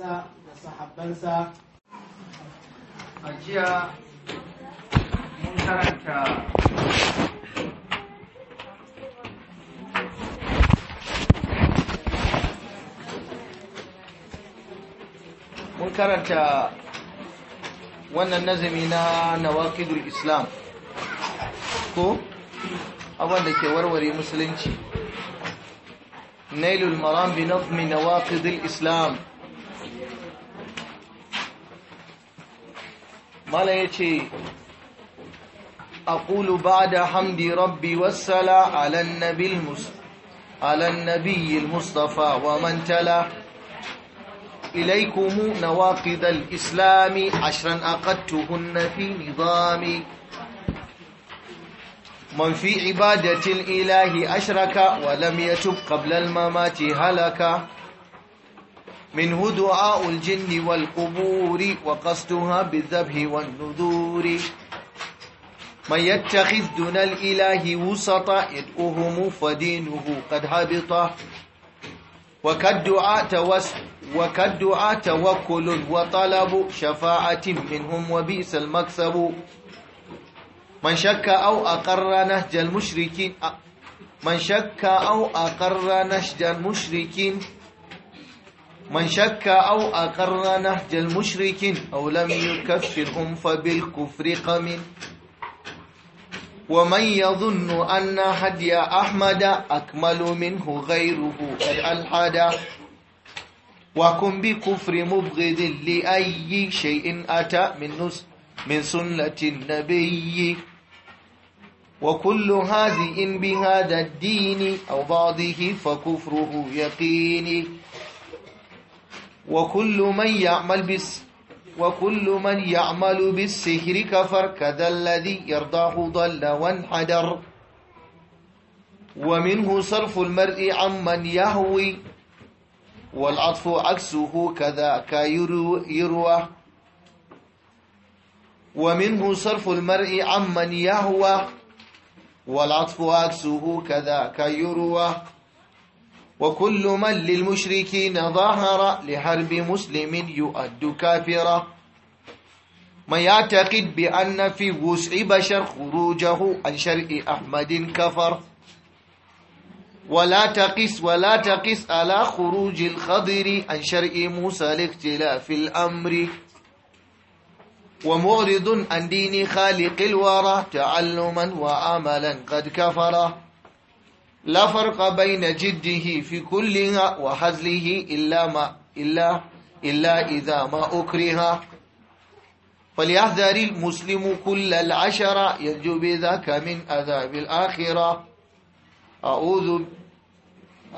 iyalansa da sahabbansa mun karanta mun karanta wannan nazami na nawakidul islam ko abin da ke warware musulunci nailul maram bi nazmi nawaqidil islam mala ya ce a ƙulu ba da hamdi rabbi wassala alan nabiyyil mustafa wa mantala ilaikumu na waƙidar islami ashirin aqattuhun na fi nizami man fi ibadatin ilahi Ashraka wa lam ya tub ƙablal mamaci halaka منه دعاء الجن والقبور وقصدها بالذبح والنذور من يتخذ دون الإله وسطا يدعوهم فدينه قد هبط وكالدعاء وكالدعاء توكل وطلب شفاعة منهم وبئس المكسب من شك أو أقر نهج المشركين من شك أو أقر نهج المشركين من شك أو أقر نهج المشرك أو لم يكفرهم فبالكفر قم ومن يظن أن هدي أحمد أكمل منه غيره الألحد وكن بكفر مبغض لأي شيء أتى من نس من سنة النبي وكل هذه بهذا الدين أو بعضه فكفره يقيني وكل من يعمل بس وكل من يعمل بالسحر كفر كذا الذي يرضاه ضل وانحدر ومنه صرف المرء عمن يهوي والعطف عكسه كذا كيروى ومنه صرف المرء عمن يهوى والعطف عكسه كذا كيروى وكل من للمشركين ظهر لحرب مسلم يؤد كافرا ما يعتقد بأن في وسع بشر خروجه عن شرع أحمد كفر ولا تقس ولا تقس على خروج الخضر عن شرع موسى لاختلاف الأمر ومغرض عن دين خالق الورى تعلما وعملا قد كفره لا فرق بين جده في كلها وهزله إلا ما إلا إلا إذا ما أكره فليحذر المسلم كل العشرة يرجو بذاك من عذاب الآخرة أعوذ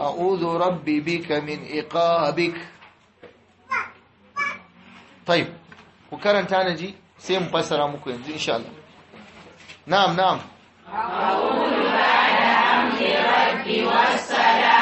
أعوذ ربي بك من إقابك طيب وكرن تانجي سيم بسرة مكوين إن شاء الله نعم نعم أعوذ بعد عمري ربي والسلام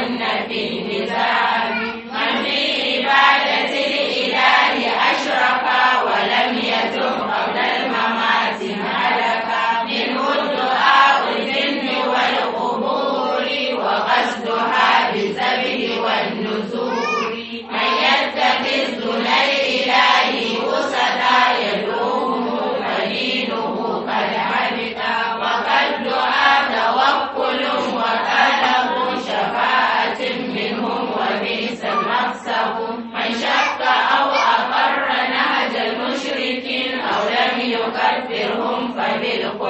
وإنا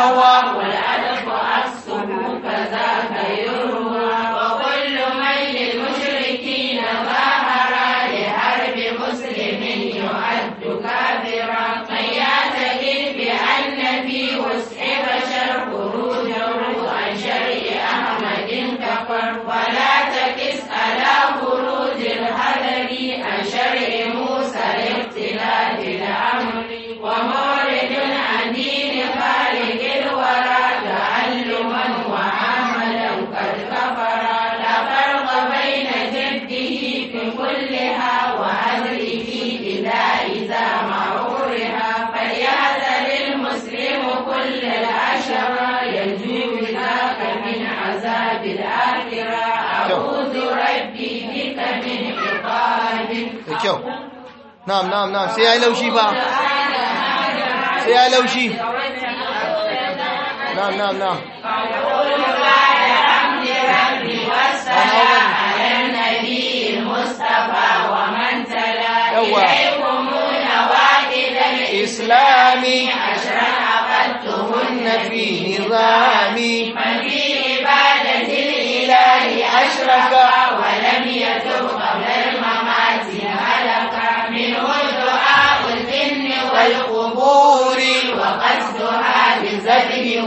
one نعم نعم نعم سي اي لو شي بقى اي لو شي نعم نعم نعم والسلام على النبي المصطفى ومن تلا في نظامي من عبادة الإله اشرف ولم يكن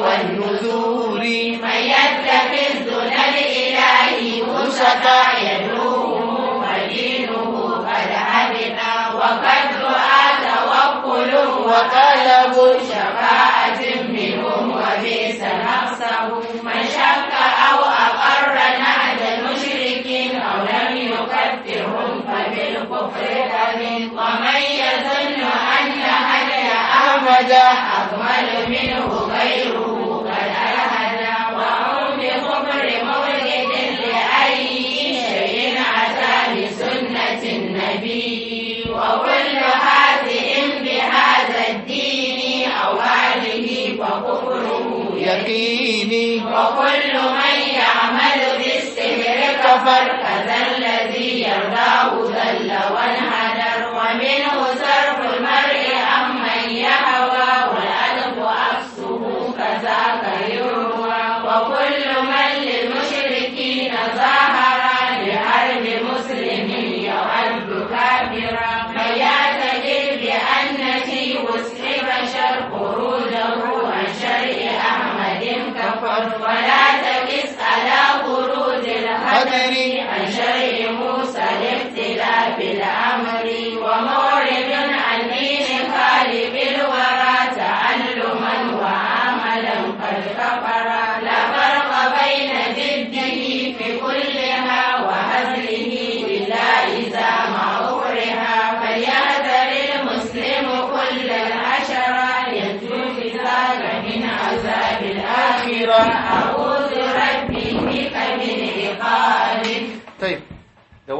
والنذور من يتق الذل الإله وسطا يدعوه ودينه قد حبط وقد رأى توكل وطلب شفاعة منهم وبئس نفسه من شك أو أقر نعد مشرك أو لم يكفرهم فبالكفر أمن ومن يظن أن هدي أحمد أضمن منه غيره الدين وكل من يعمل بالسحر كفر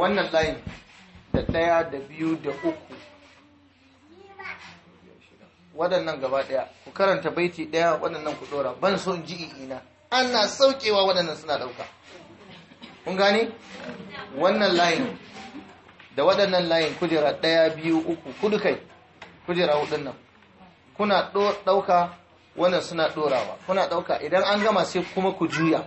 wannan layin da ɗaya da biyu da uku waɗannan gaba ɗaya ku karanta baiti ɗaya waɗannan ku ɗora ban son ji ina ana saukewa waɗannan suna ɗauka kun gani wannan layin da waɗannan layin kujera ɗaya biyu uku kudu kai kujera waɗannan kuna ɗauka wannan suna ɗorawa kuna ɗauka idan an gama sai kuma ku juya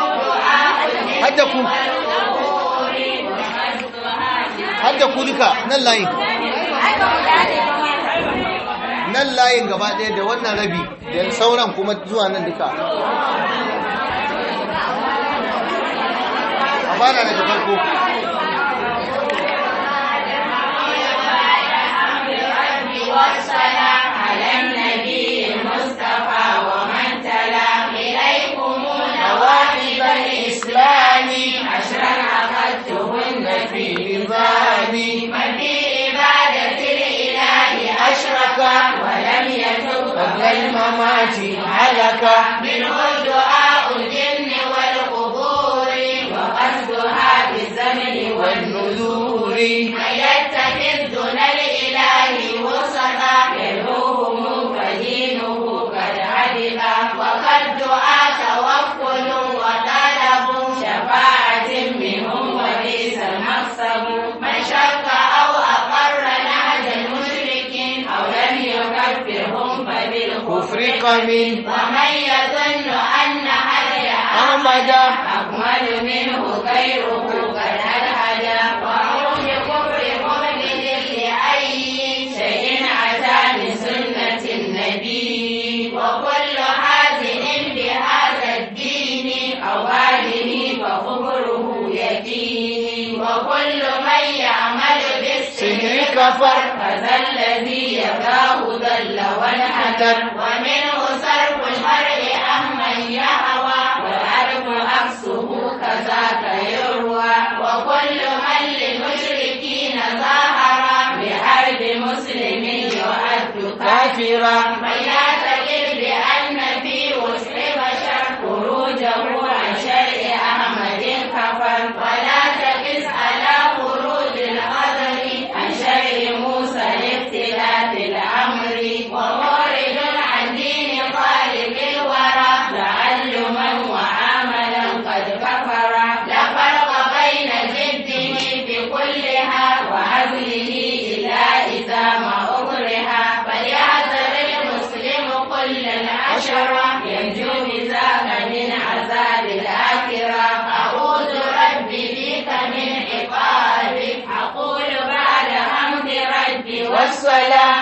hadda ku duka nan layin nan layin gaba ɗaya da wannan rabi da sauran kuma zuwa nan duka a fara daga farko والسلام على النبي الثاني عشرا أخذتهن في نظامي من في الإله أشرك ولم يتب قبل الممات هلك منه دعاء الجن والقبور وقصدها بالزمن والنذور خلق ومن يظن أن هدي أحمد أكمل منه خيره قد ألحد وهو بكفر مؤمن لأي شيء عسى من سنة النبي وكل هازل بهذا الدين أو هذه فكفره يتيم وكل من يعمل بالسحر كفر فذا الذي يداه ذل وانحدر sukuka za tayo ruwa. wa kwarin da wani ne mazunki na zahara. miharbi musulmin yana وسلام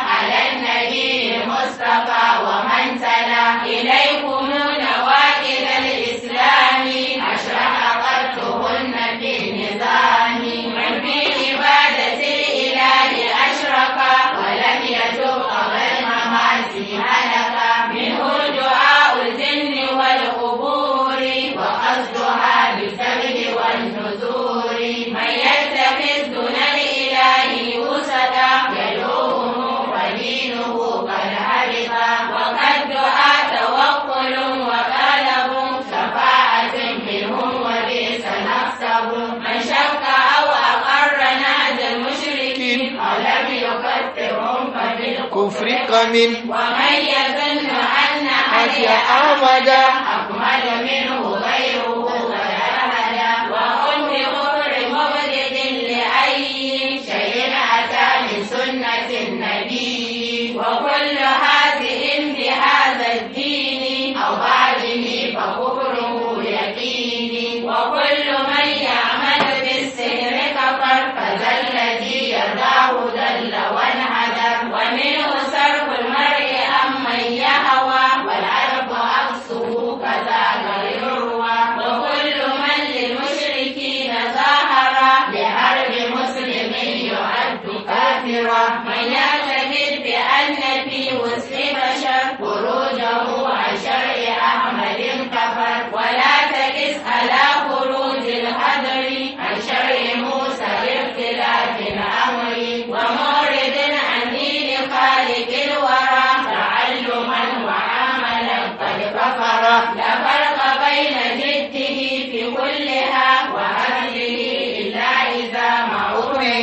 أفريقا من ومن يظن أن حدي أعمد أكمل منه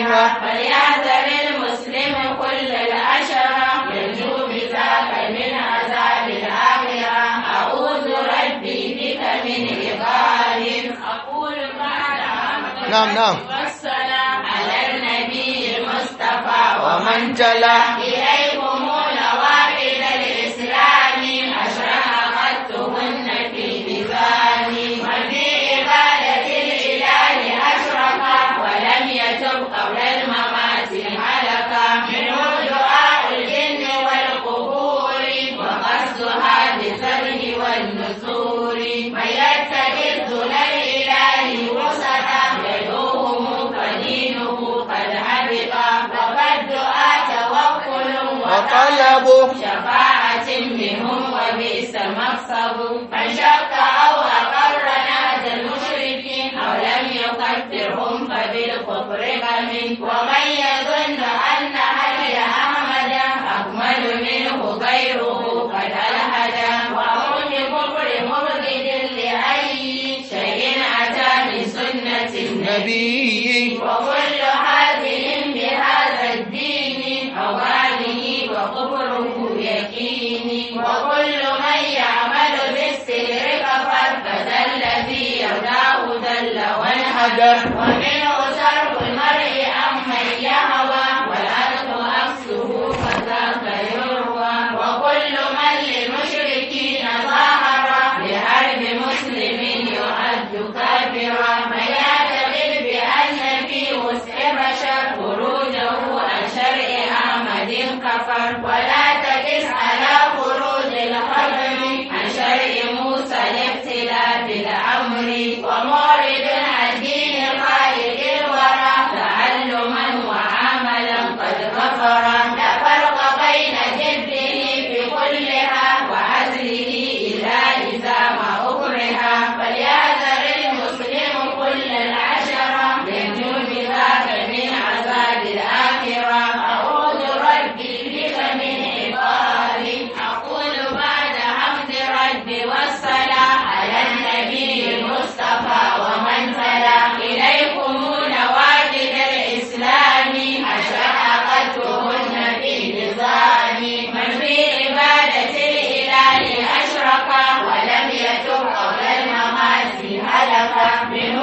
العشرة فليحذر المسلم كل العشرة ينجو بذاك من عذاب الآخرة أعوذ ربي بك من عقاب أقول بعد عمد نعم نعم والصلاة على النبي المصطفى ومن جلى طلب شفاعة منهم وبئس مقصب من شك أو أقر نادى المشركين أو لم يقدرهم فبالكفر غم ومن يظن أن هدي أحمد أكمل منه غيره قد ألحد وهم بكفر مبغض لأي شيء أتى من سنة النبي وقل وحده Amém.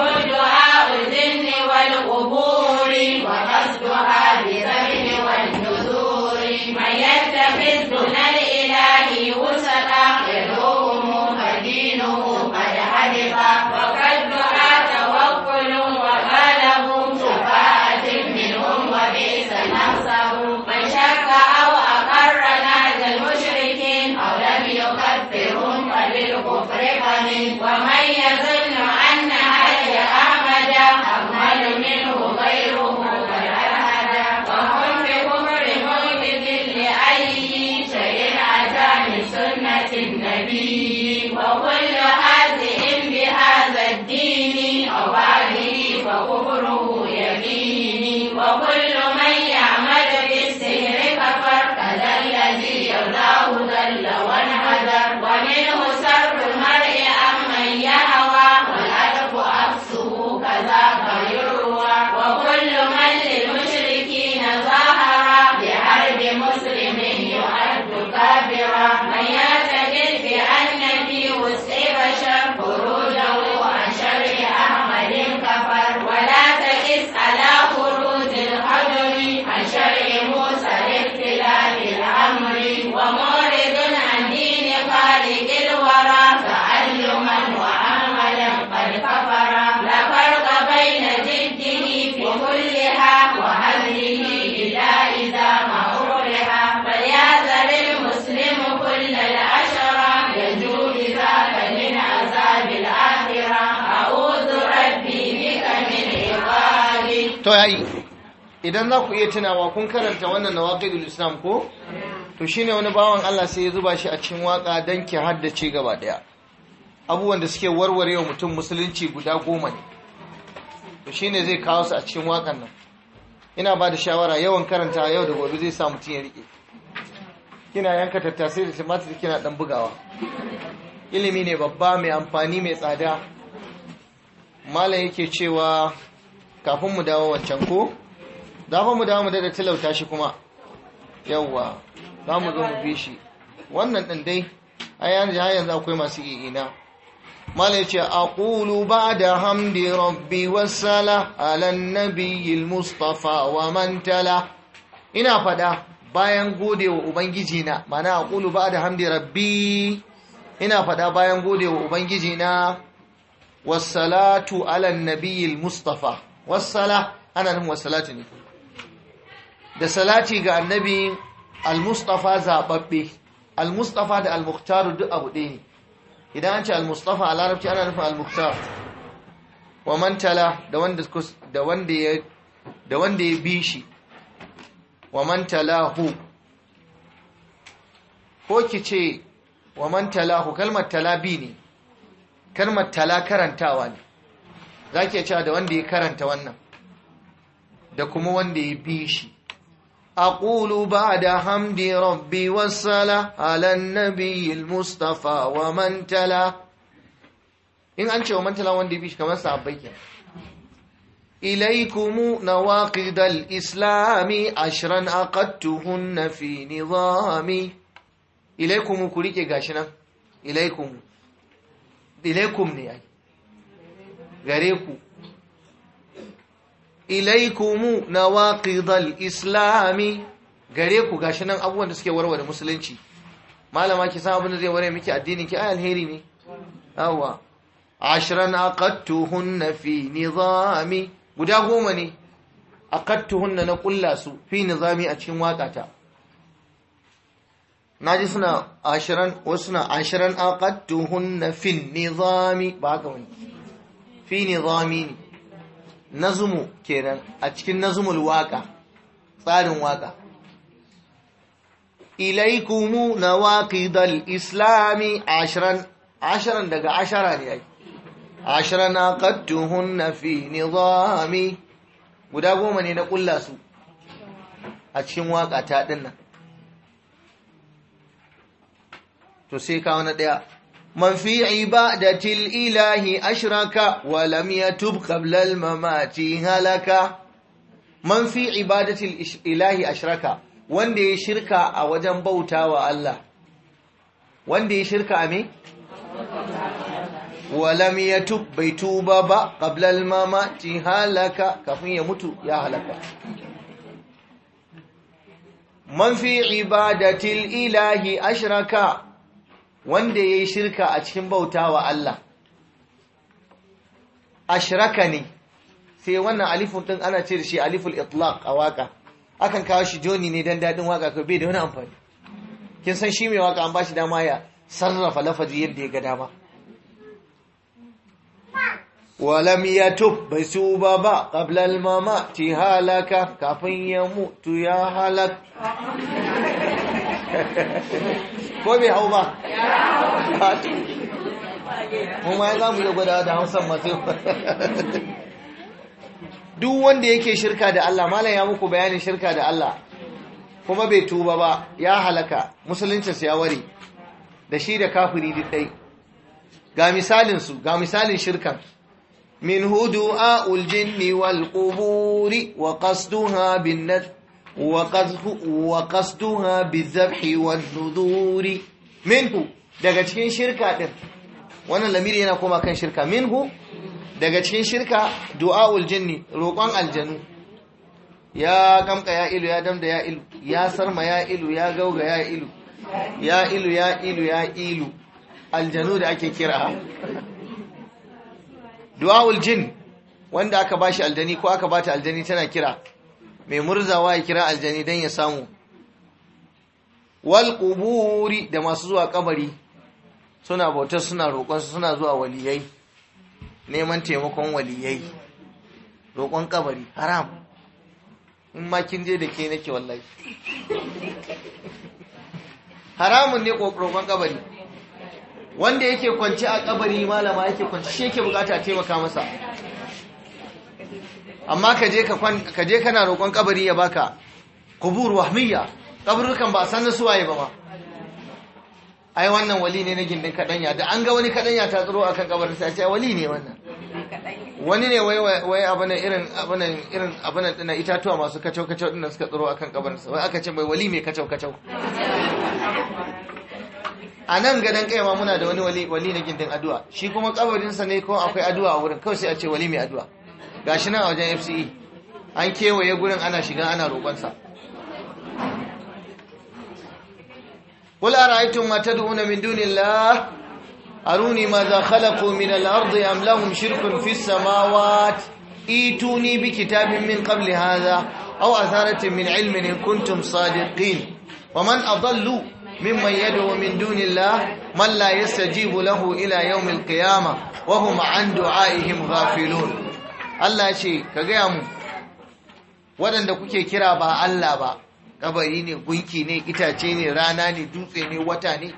idan za ku iya tunawa kun karanta wannan nawaqidul islam ko to shine wani bawan Allah sai ya zuba shi a cikin waka dan ki haddace gaba daya abubuwan da suke warware wa mutum musulunci guda goma ne to shine zai kawo su a cikin wakan nan ina ba da shawara yawan karanta yau da gobe zai sa mutum ya rike kina yanka tattasai da tumatir kina dan bugawa ilimi ne babba mai amfani mai tsada malam yake cewa kafin mu dawo wancan ko za fa mu dawo mu da talauta shi kuma yawwa za mu zo mu bi shi wannan ɗin dai a yanzu akwai masu i'ina mala ya ce a ƙulu ba da hamdi rabbi wasala alan nabiyil mustafa wa mantala ina faɗa bayan gode wa ubangiji na mana a ƙulu ba da hamdi rabbi ina faɗa bayan gode wa ubangiji na wasalatu alan nabiyil mustafa wasala ana nan wasalati ne da salati ga annabi al-mustafa zababbe al-mustafa da al-mukhtar duk abu ɗaya ne idan an ce al-mustafa a larabci ana nufin al-mukhtar wa mantala da wanda da wanda ya da wanda ya bi shi wa man ko ki ce wa man talahu kalmar talabi ne kalmar tala karantawa ne za ke cewa da wanda ya karanta wannan da kuma wanda ya fi shi a ƙulu ba da hamdi rabbi wasala halar nabiyil mustafa wa mantala in an ce wa mantala wanda ya fi shi kamar sahabbai ke ilaikumu na waƙidal islami ashirin a ƙattuhun na fi nizami ku rike gashi nan ilaikumu ne yake gare ku ilaikumu nawaqidal islami gare ku gashi nan abubuwan da suke warware musulunci malama ki san abin da zai ware miki addini ki ai alheri ne yawa ashran aqattuhunna fi nizami guda goma ne aqattuhunna na kulla su fi nizami a cikin waƙata naji suna ashran wasu suna ashiran aqattuhunna fi nizami ba haka wani fi nizami nazumu kenan a cikin nazumul waka tsarin waka ilaikumu na waƙidal islami ashirin ashirin daga ashara ne ya yi ashirin na ƙattuhun na fi nizami guda goma ne na ƙulla su a cikin waƙa ta ɗinnan to sai kawo na ɗaya من في عبادة الإله أشرك ولم يتب قبل الممات هلك من في عبادة الإله أشرك wanda ya shirka a wajen bauta wa Allah wanda ya shirka a me walam yatub bai tuba ba qabla al-mamati halaka kafin ya mutu ya halaka man fi ilahi ashraka wanda ya yi shirka a cikin bauta wa Allah ashraka ne sai wannan alifun ɗin ana ce da shi aliful itlaq a waka akan kawo shi joni ne don daɗin waka ko bai da wani amfani kin san shi mai waka an ba shi dama ya sarrafa lafazi yadda ya ga dama walam ya tub bai su ba ba ƙablal mama ti halaka kafin ya mutu ya halak ko bai hau ba Kuma ya za mu yi gwada da hausan masu duk wanda yake shirka da Allah malam ya muku bayanin shirka da Allah kuma bai tuba ba ya halaka su ya ware da shi da kafiri dai ga misalin su ga misalin shirkan min a uljin wa qasduha bin وقصدها بالذبح والنذور منه minhu daga cikin shirka din wannan lamiri yana koma kan shirka minhu daga cikin shirka du'aul jinni roƙon aljanu ya kamka ya ilu ya damda ya ilu ya sarma ya ilu ya gauga ya ilu ya ilu ya ilu ya ilu aljanu da ake kira du'aul jin wanda aka bashi aljani ko aka bata aljani tana kira mai murzawa ya kira aljani don ya samu wal quburi da masu zuwa kabari suna bautar suna roƙonsu suna zuwa waliyai neman taimakon waliyai roƙon kabari haram in ma kin je da ke nake wallahi haramun ne roƙon kabari wanda yake kwanci a kabari malama yake kwanci shi yake bukata taimaka masa amma ka je kana roƙon kabari ya baka kubur wahmiya kaburukan ba san suwaye ba ba ai wannan wali ne na gindin kadanya da an ga wani kadanya ta tsiro akan kabarin sai ce wali ne wannan wani ne wai wai abana irin abana irin abana itatuwa masu kacau kacau din suka tsiro akan kabarin sai aka ce mai wali mai kacau kacau a nan gadan kaiwa muna da wani wali na gindin addu'a shi kuma kabarin sa ne ko akwai addu'a a wurin kawai sai a ce wali mai addu'a gashi nan a wajen FCE an kewaye gurin ana shiga ana roƙonsa قل أرأيتم ما تدعون من دون الله أروني ماذا خلقوا من الأرض أم لهم شرك في السماوات ايتوني بكتاب من قبل هذا أو أثارة من علم إن كنتم صادقين ومن أضل ممن يدعو من دون الله من لا يستجيب له إلى يوم القيامة وهم عن دعائهم غافلون Allah ce ka gaya mu waɗanda kuke kira ba Allah ba ƙabari ne gunki ne itace ne rana ne dutse ne wata ne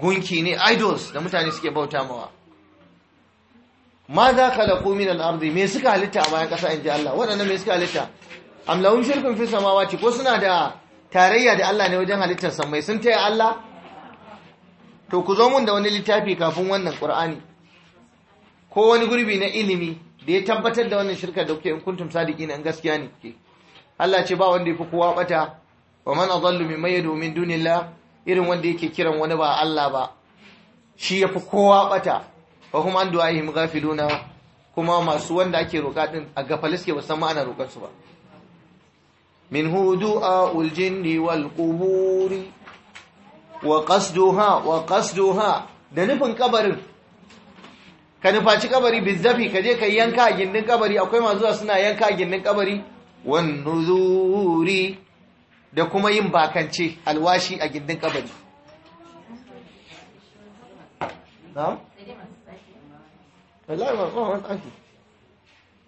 gunki ne idols da mutane suke bauta mawa ma za ka da min al'arzi me suka halitta a bayan ƙasa in ji Allah waɗanda me suka halitta amlawun shirkin fi samawa ce ko suna da tarayya da Allah ne wajen halittar Mai sun taya Allah to ku zo mun da wani littafi kafin wannan ƙur'ani ko wani gurbi na ilimi da ya tabbatar da wannan shirka da kuke in kuntum sadiqina in gaskiya ne ke Allah ce ba wanda yafi kowa bata wa man adallu mimman yad'u min dunillah irin wanda yake kiran wani ba Allah ba shi yafi kowa bata wa kuma an du'aihim ghafiluna kuma masu wanda ake roƙa din a gafalis ke basan ma ana roƙar su ba min hudu'a jinni wal quburi wa qasduha wa qasduha da nufin kabarin ka nufaci kabari bizzafi ka je ka yanka a gindin kabari akwai masu zuwa suna yanka a gindin kabari Wannu zuri. da kuma yin bakance alwashi a gindin kabari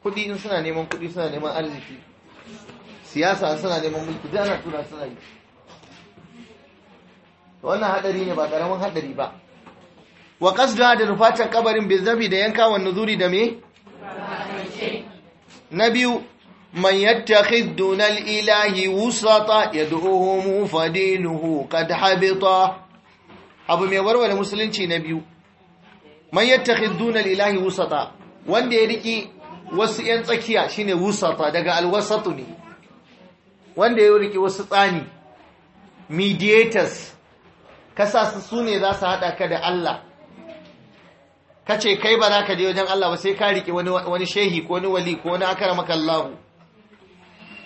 kudi in suna neman kudi suna neman arziki siyasa suna neman mulki da ana tura suna yi wannan hadari ne ba karamin hadari ba wa qasda da rufatan kabarin zabi da yanka wa nuzuri da me na biyu man yattakhid duna ilahi wusata yad'uhum fadinuhu qad habita abu mai warware musulunci na biyu man yattakhid duna ilahi wusata wanda ya riki wasu yan tsakiya shine wusata daga al ne wanda ya riki wasu tsani mediators kasa su sune za su hada ka da Allah ka ce kai ba za ka je wajen Allah ba sai ka riƙe wani shehi ko wani wali ko wani akara Allah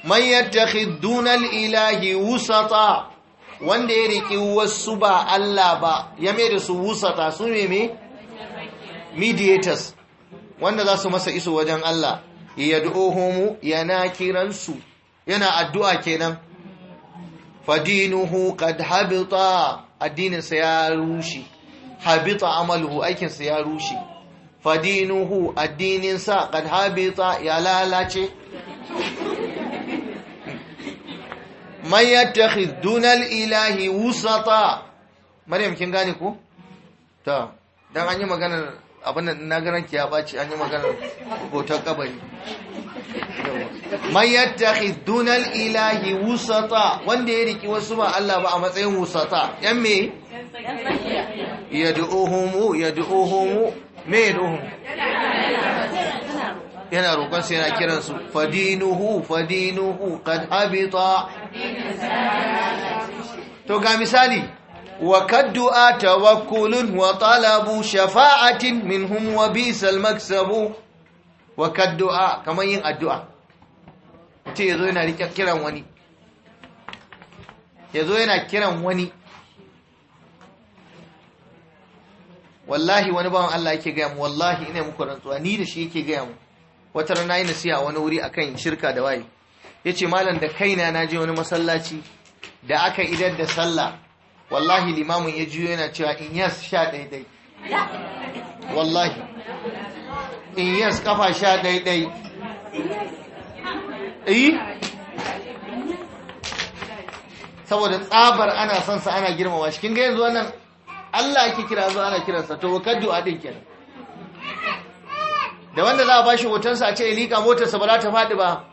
man yattakhiduna ilahi wusata wanda ya riƙe wasu ba Allah ba ya mai da su wusata su meme mediators wanda za su masa iso wajen Allah ya du'ohomu yana kiransu yana addu'a kenan fadinuhu kad habita addininsa ya rushe habita amaluhu aikinsa ya rushe fadinuhu addininsa kad habita ya lalace man yattakhidh dunal ilahi wusata maryam kin gane ko ta dan an yi maganar abin da na ganin ki ya ɓaci an yi maganar hoton kabari man yattakhid dunal ilahi wusata wanda ya riki wasu ba Allah ba a matsayin wusata yan me yad'uhum yad'uhum me yad'uhum yana roƙon sai yana kiran fadinuhu fadinuhu kan abita to ga misali وكالدعاء wa وطلب شفاعة منهم وبئس المكسب وكالدعاء كما ين الدعاء mutum ya zo yana kiran wani ya zo yana kiran wani wallahi wani bawan Allah yake gaya mu wallahi ina muku rantsuwa ni da shi yake gaya mu wata rana yi nasiha wani wuri akan shirka da waye Ya ce malam da kaina na je wani masallaci da aka idar da sallah wallahi limamin ya juyo yana cewa in yas sha daidai wallahi in yas kafa sha daidai eh saboda tsabar ana son sa ana girmama shi kin ga yanzu wannan Allah yake kira zuwa ana sa, to ka du'a din kenan da wanda za a bashi hoton sa a ce ya motar motarsa ba za ta fadi ba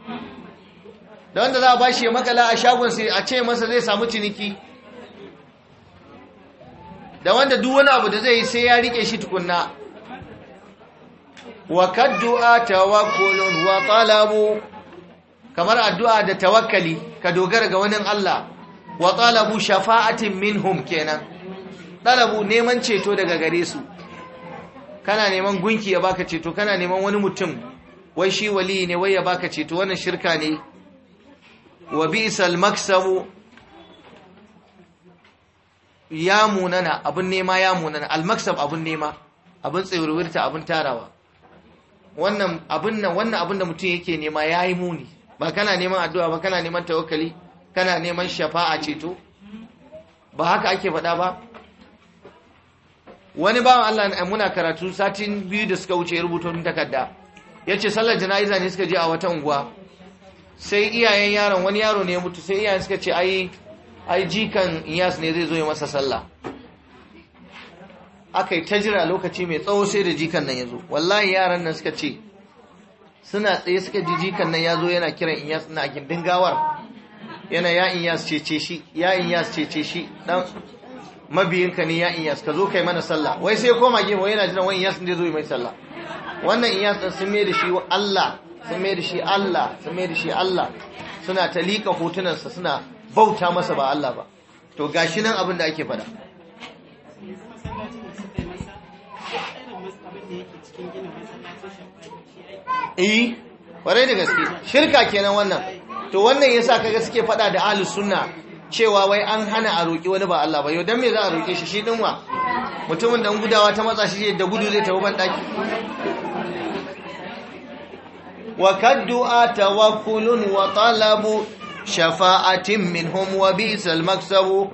da wanda za a bashi ya makala a shagonsa a ce masa zai samu ciniki da wanda duk wani abu da zai yi sai ya rike shi tukunna wa kaddu'a tawakkulun wa talabu kamar addu'a da tawakkali ka dogara ga wani Allah wa talabu shafa'atin minhum kenan talabu neman ceto daga gare su kana neman gunki ya baka ceto kana neman wani mutum wai shi wali ne wai ya baka ceto wannan shirka ne wa bi'sal maksabu ya munana abin nema ya munana almaksab abin nema abin tsayurwirta abin tarawa wannan abin nan wannan abin da mutum yake nema ya yi muni ba kana neman addu'a ba kana neman tawakkali kana neman shafa'a ceto ba haka ake faɗa ba wani bawan Allah eh, muna karatu satin biyu da suka wuce rubutun takarda ya ce sallar jana'iza ne suka je a wata unguwa sai iyayen yaron wani yaro ne ya mutu sai iyayen suka ce ai ai jikan iyas ne zai zo ya masa sallah aka yi ta jira lokaci mai tsawo sai da jikan nan ya zo wallahi yaran nan suka ce suna tsaye suka ji jikan nan ya zo yana kiran iyas na gindin gawar yana ya iyas cece shi ya iyas cece shi dan mabiyinka ne ya iyas ka zo kai mana sallah wai sai koma gimo yana jiran wani iyas ne zo yi mai sallah wannan iyas din sun mai da shi Allah sun mai da shi Allah sun mai da shi Allah suna ta liƙa hotunansa suna bauta masa ba Allah ba to gashi nan abin da ake fada eh kwarai da gaske shirka kenan wannan to wannan yasa kaga suke faɗa da ahli sunna cewa wai an hana a roƙi wani ba Allah ba yau dan me za a roke shi shi din wa mutumin da gudawa ta matsa shi da gudu zai tafi ban daki wa kaddu'a tawakkulun wa talabu shafa'atin minhum wa bisal maksabu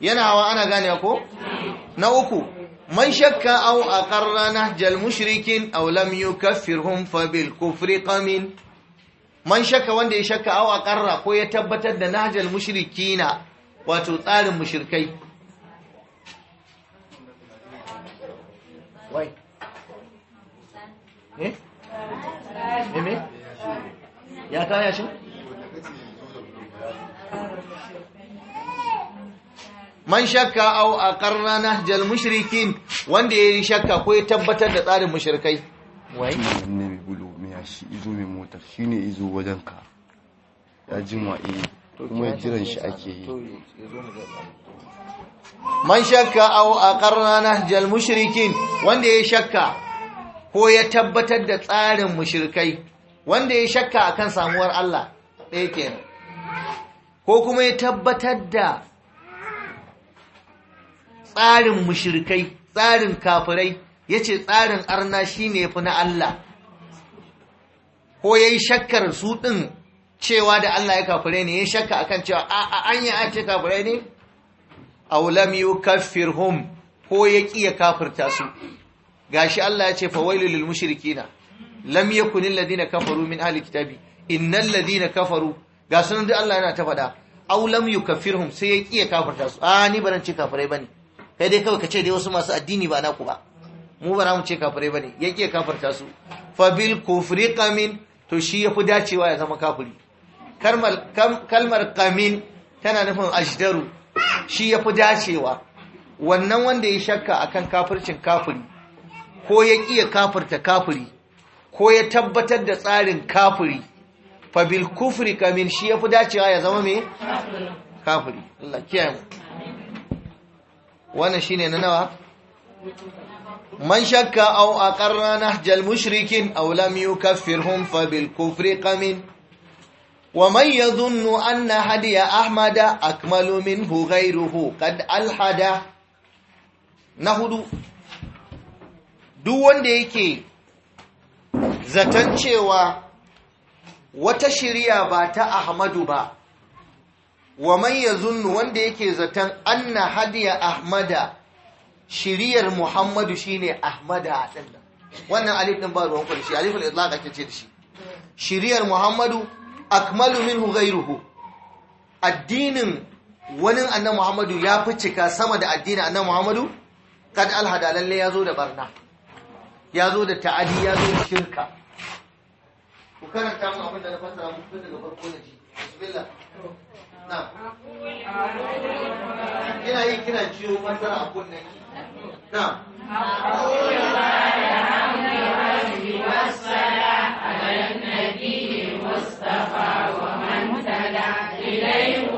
yana wa ana gane ko na uku man shakka aw aqarra nahjal mushrikin aw lam yukaffirhum fa bil kufri qamin man shakka wanda ya shakka aw aqarra ko ya tabbatar da nahjal mushrikina wato tsarin mushrikai wai eh eh ya kaya shi man shakka au na jal mushrikin wanda yi shakka ko ya tabbatar da tsarin mushrikai wai ne mai bulu mai shi izo mai motar wajen ka ya jima eh kuma jiran shi ake yi man shakka au aqarra jal mushrikin wanda yi shakka ko ya tabbatar da tsarin mushrikai wanda yi shakka akan samuwar Allah ɗaya kenan ko kuma ya tabbatar da tsarin mushrikai tsarin kafirai ce tsarin arna shine fi na Allah ko ya yi shakkar su ɗin cewa da Allah ya kafirai ne ya shakka akan cewa a an yi ake kafirai ne aw kafir yukaffirhum ko ya ƙi ya kafirta su gashi Allah ya ce fawailul lil mushrikina lam yakun ladina kafaru min ahli kitabi innal ladina kafaru ga sunan duk Allah yana ta faɗa aw lam yukaffirhum sai ya kiya kafirta su a ah, ni baran ce kafirai bane kai dai kawai ka ce dai wasu masu addini ba ku ba mu ba mu ce kafirai bane ya kiya kafirta su fa bil kufri qamin to shi ya fi dacewa ya zama kafiri kalmar kalmar qamin tana nufin ashdaru shi ya fi dacewa wannan wanda ya shakka akan kafircin kafiri ko ya kiya kafirta kafiri ko ya tabbatar da tsarin kafiri Fabil kufri kamin shi ya fi dacewa ya zama mai. kafiri Allah kiyaye mu wannan shine na nawa man shakka aw aqarra nahjal mushrikin aw lam yukaffirhum fa bil kufri qamin ومن يظن أن هدي أحمد أكمل منه غيره قد na hudu. duk wanda yake zaton cewa wata shirya ba ta Ahmadu ba wa man zunnu wanda yake zaton na hadiya Ahmada shiriyar Muhammadu shine Ahmada din wannan alif ba ruwan kwanci, alif al-idlaq ake ce da shi shiriyar Muhammadu akmalu minhu ghayruhu addinin wani annan Muhammadu ya fi cika sama da addinin annan Muhammadu kad alhada lalle ya zo da barna ya zo da ta'adi ya zo da shirka ku karanta mu abin da na fassara muku tun daga farko na ji bismillah na kina yi kina ciwo fassara a kunnen ki na على النبي المصطفى ومن تلا إليه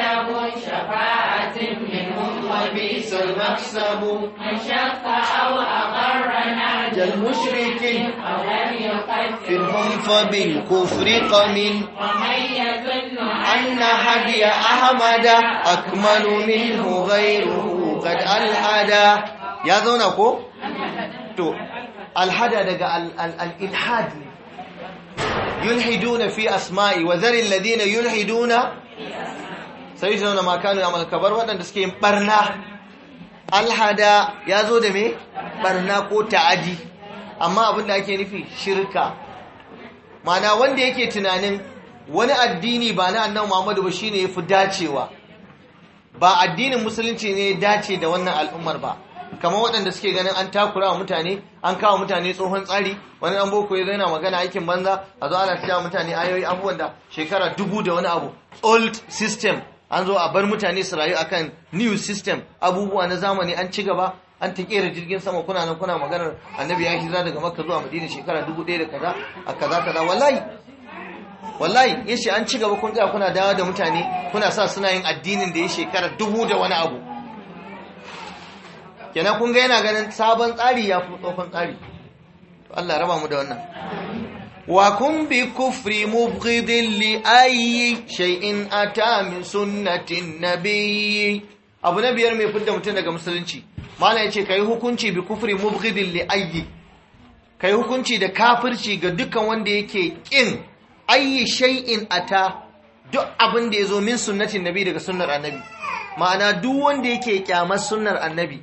فبئس المكسب من شق أو أغر نعج المشركين أو لم يقدرهم فبالكفر قمن ومن يظن أن هدي أحمد أكمل منه غيره قد ألحد يا ذنكو تو الحدا دقى الإلحاد يلحدون في أسمائي وذر الذين يلحدون في أسمائي sai jina na makanu amal kabar waɗanda suke yin barna alhada ya zo da me barna ko ta'adi amma abin da ake nufi shirka mana wanda yake tunanin wani addini ba na annabi Muhammadu ba shine fi dacewa ba addinin musulunci ne ya dace da wannan al'ummar ba kamar waɗanda suke ganin an takura wa mutane an kawo mutane tsohon tsari wani ɗan boko ya zaina magana aikin banza a zo ana cewa mutane ayoyi abubuwan da shekara dubu da wani abu old system an zo a bar mutane su rayu akan new system abubuwa na zamani an ci gaba an ta jirgin sama kuna nan kuna maganar annabi ya hijira daga makka zuwa madina shekara dubu ɗaya da kaza a kaza kaza wallahi wallahi yace an ci gaba kun tsaya kuna dawo da mutane kuna sa suna yin addinin da ya shekara dubu da wani abu kenan kun ga yana ganin sabon tsari ya fi tsofan tsari to Allah raba mu da wannan وكن بكفر مبغض لأي شيء أتى من سنة النبي abu na biyar mai fidda mutum daga musulunci malam yace kai hukunci bi kufri mubghidin li ayyi kai hukunci da kafirci ga duka wanda yake ƙin, ayyi shai'in ata duk abin da yazo min sunnatin nabi daga sunnar annabi ma'ana duk wanda yake kyamar sunnar annabi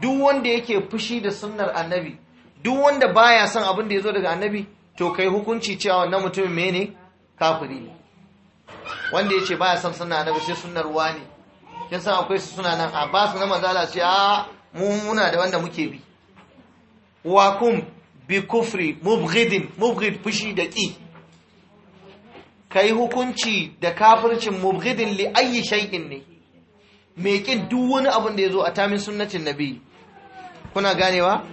duk wanda yake fushi da sunnar annabi duk wanda baya son abin da yazo daga annabi to kai hukunci cewa wannan mutumin mene kafiri ne wanda ya ce ba ya san sunana annabi sai ruwa ne. kin san akwai su suna nan su na mazala ce a mu muna da wanda muke bi wa kum bi kufri mubghidin mubghid fushi da ki kai hukunci da kafircin mubghidin li ayi shay'in ne me kin duk wani abin da ya zo a tamin sunnatin nabi kuna ganewa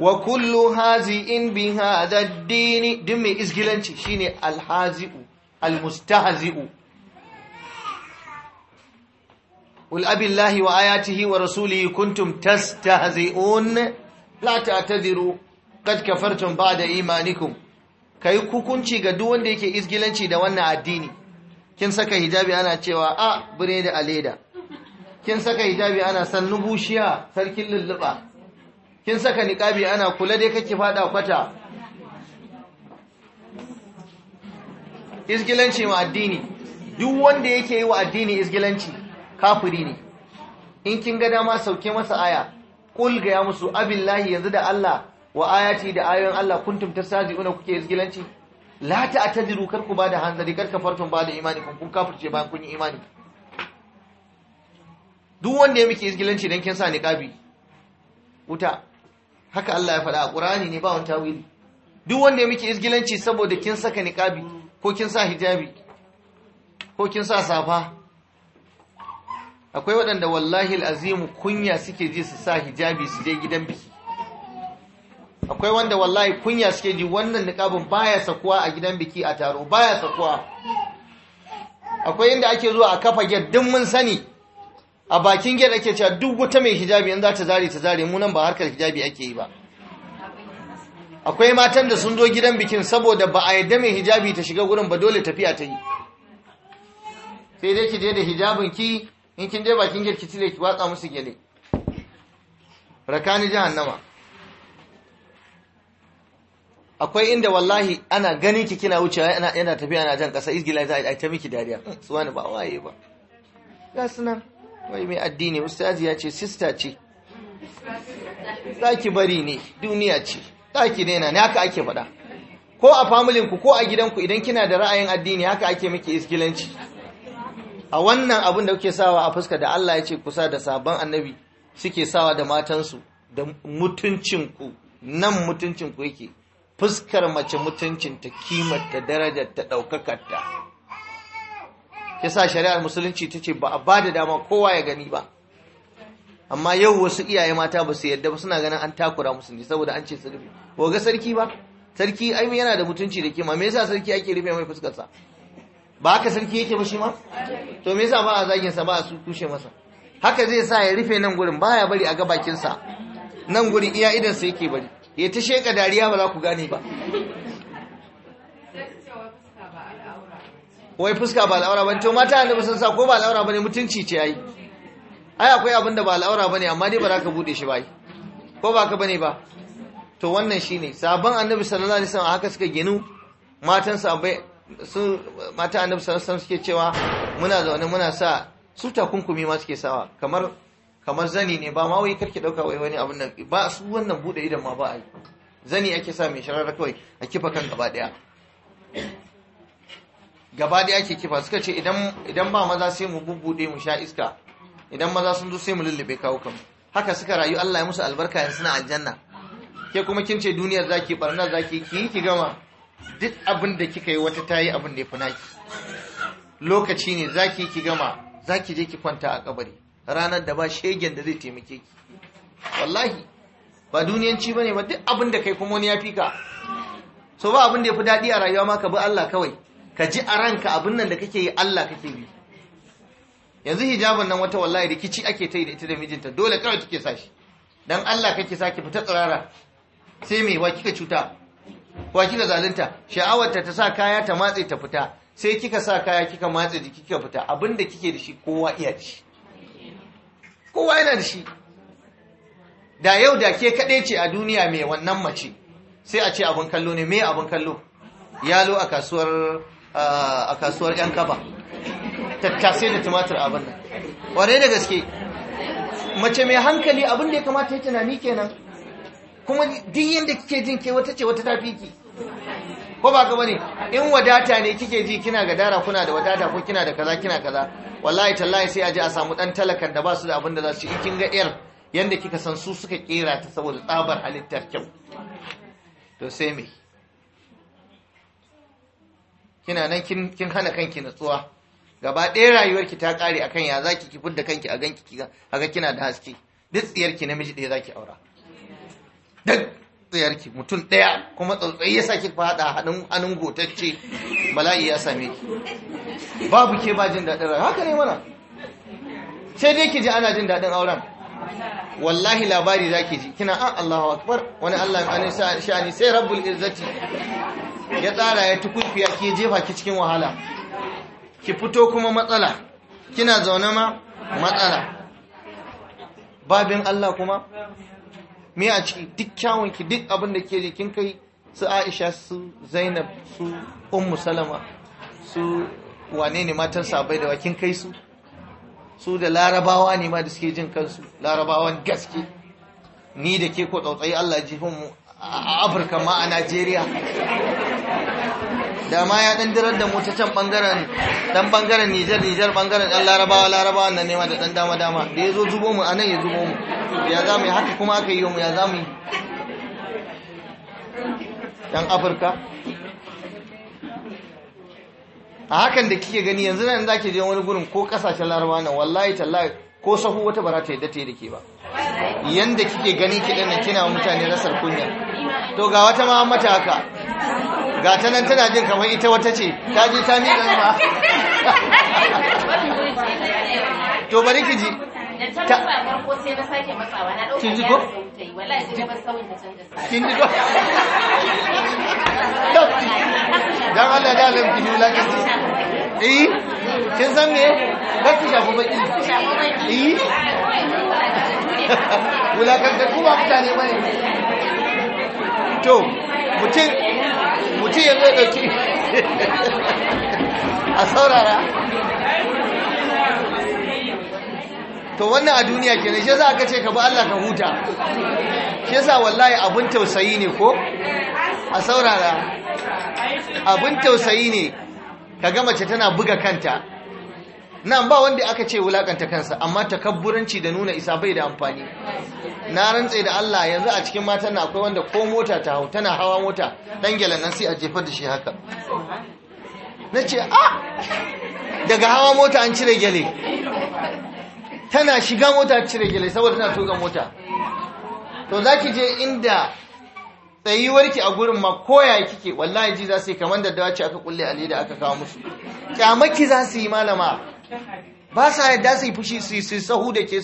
wa kullu hazi'in bi hada dini din mai isgilanci shine alhazi'u haziu al-mustahzi'u ci abillahi wa ayatihi wa rasulihi kuntum tastahzi'un la ta'tadiru qad kafartum ba'da imanikum kai hukunci ga duk wanda yake isgilanci da wannan addini kin saka hijabi ana cewa ah, a bure da aleda kin saka hijabi ana san bushiya sarkin lulluba kin saka niqabi ana kula dai kake fada kwata isgilanci ma addini duk wanda yake yi wa addini isgilanci kafiri ne in kin ga dama sauke masa aya kul ga ya musu abillahi yanzu da Allah wa ayati da ayoyin Allah kuntum tasajiuna kuke isgilanci la ta'tadiru kar ku bada hanzari kar ka fartun bada imani kun kun kafirce bayan kun yi imani duk wanda ya miki isgilanci dan kin sa niqabi wuta haka Allah ya faɗa a ƙur'ani ne ba wani tawili duk wanda ya miki izgilanci saboda kin saka niqabi ko kin sa hijabi ko kin sa safa akwai waɗanda wallahi al’azimu kunya suke ji su sa hijabi su je gidan biki akwai wanda wallahi kunya suke ji wannan niqabin baya sakuwa a gidan biki a taro baya sakuwa akwai inda ake zuwa a kafa gate mun sani a bakin gate ake cewa duk wata mai hijabi yanzu za ta zare ta zare mu nan ba harkar hijabi ake yi ba akwai matan da sun zo gidan bikin saboda ba a yadda mai hijabi ta shiga gurin ba dole tafiya ta yi sai dai ki je da hijabin ki in kin je bakin gate ki cire ki watsa musu gele rakani jahannama akwai inda wallahi ana ganin ki kina wucewa yana tafiya na jan kasa izgila za a ta miki dariya suwani ba waye ba ga sunan wai mai addini ustazi ya ce sista ce zaki bari ne duniya ce zaki daina na haka ake faɗa ko a familin ko a gidanku idan kina da ra'ayin addini haka ake miki iskilanci a wannan abin da kuke sawa a fuska da Allah ya ce kusa da sabon annabi suke sawa da matansu da mutuncinku nan mutuncinku yake fuskar mace mutuncinta kimarta darajarta ɗaukakarta yasa shari'ar musulunci ta ce ba a ba da dama kowa ya gani ba amma yau wasu iyaye mata ba su yadda ba suna ganin an takura musu ne saboda an ce su rufe ba ga sarki ba sarki aimi yana da mutunci da kima me yasa sarki ake rufe mai fuskarsa? ba haka sarki yake ba shi ma to me yasa ba a zagin sa ba a su kushe masa haka zai sa ya rufe nan gurin baya bari a ga bakin sa nan gurin iya idan sa yake bari ya ta sheka dariya ba za ku gane ba wai fuska ba al'aura ba to mata annabi sun sa ko ba al'aura bane mutunci ce yayi ai akwai abin da ba al'aura bane amma dai ba za ka bude shi ba ko ba ka bane ba to wannan shine sabon annabi sallallahu alaihi wasallam haka suka ginu matan bai su mata annabi sallallahu alaihi wasallam suke cewa muna zaune muna sa su takunkumi ma suke sawa kamar kamar zani ne ba ma wai karki dauka wai wani abin nan ba su wannan bude idan ma ba ai zani ake sa mai sharara kawai a kifa kan gaba daya gaba da ake kifa suka ce idan ba maza sai mu bubbude mu sha iska idan maza sun zo sai mu lullube kawo kan haka suka rayu Allah ya musu albarka yanzu suna aljanna ke kuma kin ce duniyar zaki barnar zaki ki yi ki gama duk abin da kika yi wata tayi abin da ya fi naki lokaci ne zaki ki gama zaki je ki kwanta a kabari ranar da ba shegen da zai taimake ki wallahi ba duniyanci bane ba duk abin da kai kuma wani ya fika so ba abin da ya fi daɗi a rayuwa ma ka bi Allah kawai ka ji a ranka abin nan da kake yi Allah kake bi yanzu hijabin nan wata wallahi rikici ake ta yi da ita da mijinta dole kawai take sa shi dan Allah kake saki fita tsirara sai me wa kika cuta wa kika zalunta sha'awarta ta sa kaya ta matse ta fita sai kika sa kaya kika matse jiki kika fita abinda kike da shi kowa iya ci kowa yana da shi da yau da ke kaɗai ce a duniya mai wannan mace sai a ce abin kallo ne mai abin kallo yalo a kasuwar a kasuwar yan kafa tattasai da tumatir abin nan ware da gaske mace mai hankali abin da ya kamata ya tunani kenan kuma duk yadda kike jin ke wata ce wata tafi ki ko ba ka bane in wadata ne kike ji kina gadara kuna da wadata ko kina da kaza kina kaza wallahi tallahi sai a ji a samu dan talakan da ba su da abin da za su ci kin ga yar yanda kika san su suka kera ta saboda tsabar halittar kyau to sai me kina nan kin hana kanki natsuwa gaba ɗaya rayuwarki ta ƙare akan ya zaki ki fidda kanki a ganki ki ga kina da haske duk ki namiji ɗaya zaki aura duk ki mutum ɗaya kuma tsautsayi ya sa ki faɗa hannun hannun gotacce bala'i ya same ki babu ke ba jin daɗin rayuwa haka ne mana sai dai ki ji ana jin daɗin auren wallahi labari zaki ji kina an ah, Allahu akbar wani Allah ya sha'ani sai rabbul izzati ya tsara ya tukufiya ke jefa ki cikin wahala ki fito kuma matsala kina zaune ma matsala babin Allah kuma me a ciki duk kyawun ki duk abin da ke jikin kai su Aisha su Zainab su Ummu Salama su wane ne matan sabai da wakin kai su su da larabawa ne ma da suke jin kansu larabawan gaske ni da ke ko tsautsayi Allah ji mu a afirka ma a najeriya da ma ya ɗan dirar da mu ta can bangaren dan bangaren nijar nijar bangaren dan larabawa larabawa na nema da dan dama dama da ya zo zubo mu anan ya zubo mu ya za mu yi haka kuma aka yi mu ya za mu yi dan afirka a hakan da kike gani yanzu nan zaki je wani gurin ko kasashen larabawa nan wallahi tallahi ko sahu wata bara ta yadda ta yi da ke ba yanda kike gani ki na kina mutane rasar kunya to ga wata ma mata haka ga ta nan tana jin kamar ita wata ce ta je ta ni dan ba to bari ki ji da ta ba farko sai na sake matsawa na dauka ya ta yi wallahi sai ba sauyin da canza sai kin ji ko dan Allah da alim ki hula ka eh kin eh. ba ku to mutum mutum yanzu dauki a saurara to wannan a duniya kenan shi yasa aka ce ka bi Allah ka huta shi yasa wallahi abin tausayi ne ko a saurara abin tausayi ne ka ga mace tana buga kanta nan ba wanda aka ce wulakanta kansa amma takabburanci da nuna isa bai da amfani na rantse da Allah yanzu a cikin mata na akwai wanda ko mota ta hau tana hawa mota dan gelan nan sai a jefar da shi haka nace a ah! daga hawa mota an cire gele tana shiga mota cire gele saboda tana tuka mota to za ki je inda ki a gurin ma koya kike wallahi ji za su yi kamar da dawaci aka kulle ali da aka kawo musu kyamaki za su yi malama ba sa yadda su yi fushi su yi sahu da ke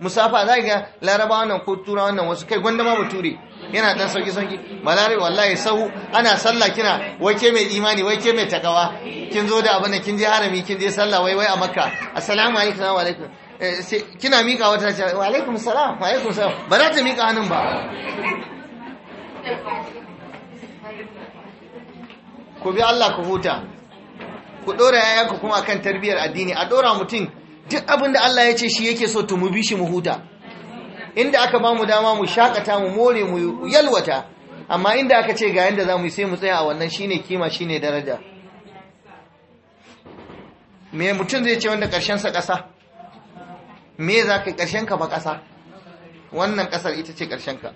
musafa za ga laraba wannan ko tura wannan wasu kai gwanda ma bature yana dan sauki sauki malari wallahi sahu ana sallah kina wai ke mai imani wai ke mai takawa kin zo da abin kin je harami kin je sallah wai wai a makka assalamu alaikum wa alaikum Eh, kina mika wata ce wa alaikum salam wa alaikum salam ba za ta mika hannun ba ku bi Allah ku huta ku dora yayanku kuma kan tarbiyar addini a dora mutum duk abin da Allah ya ce shi yake so to mu bi shi mu huta inda aka ba mu dama mu shakata mu more mu yalwata amma inda aka ce ga yanda za mu yi sai mu tsaya a wannan shine kima shine daraja me mutum zai ce wanda karshen sa kasa me za ka ƙarshen ka ba ƙasa wannan ƙasar ita ce ƙarshen ka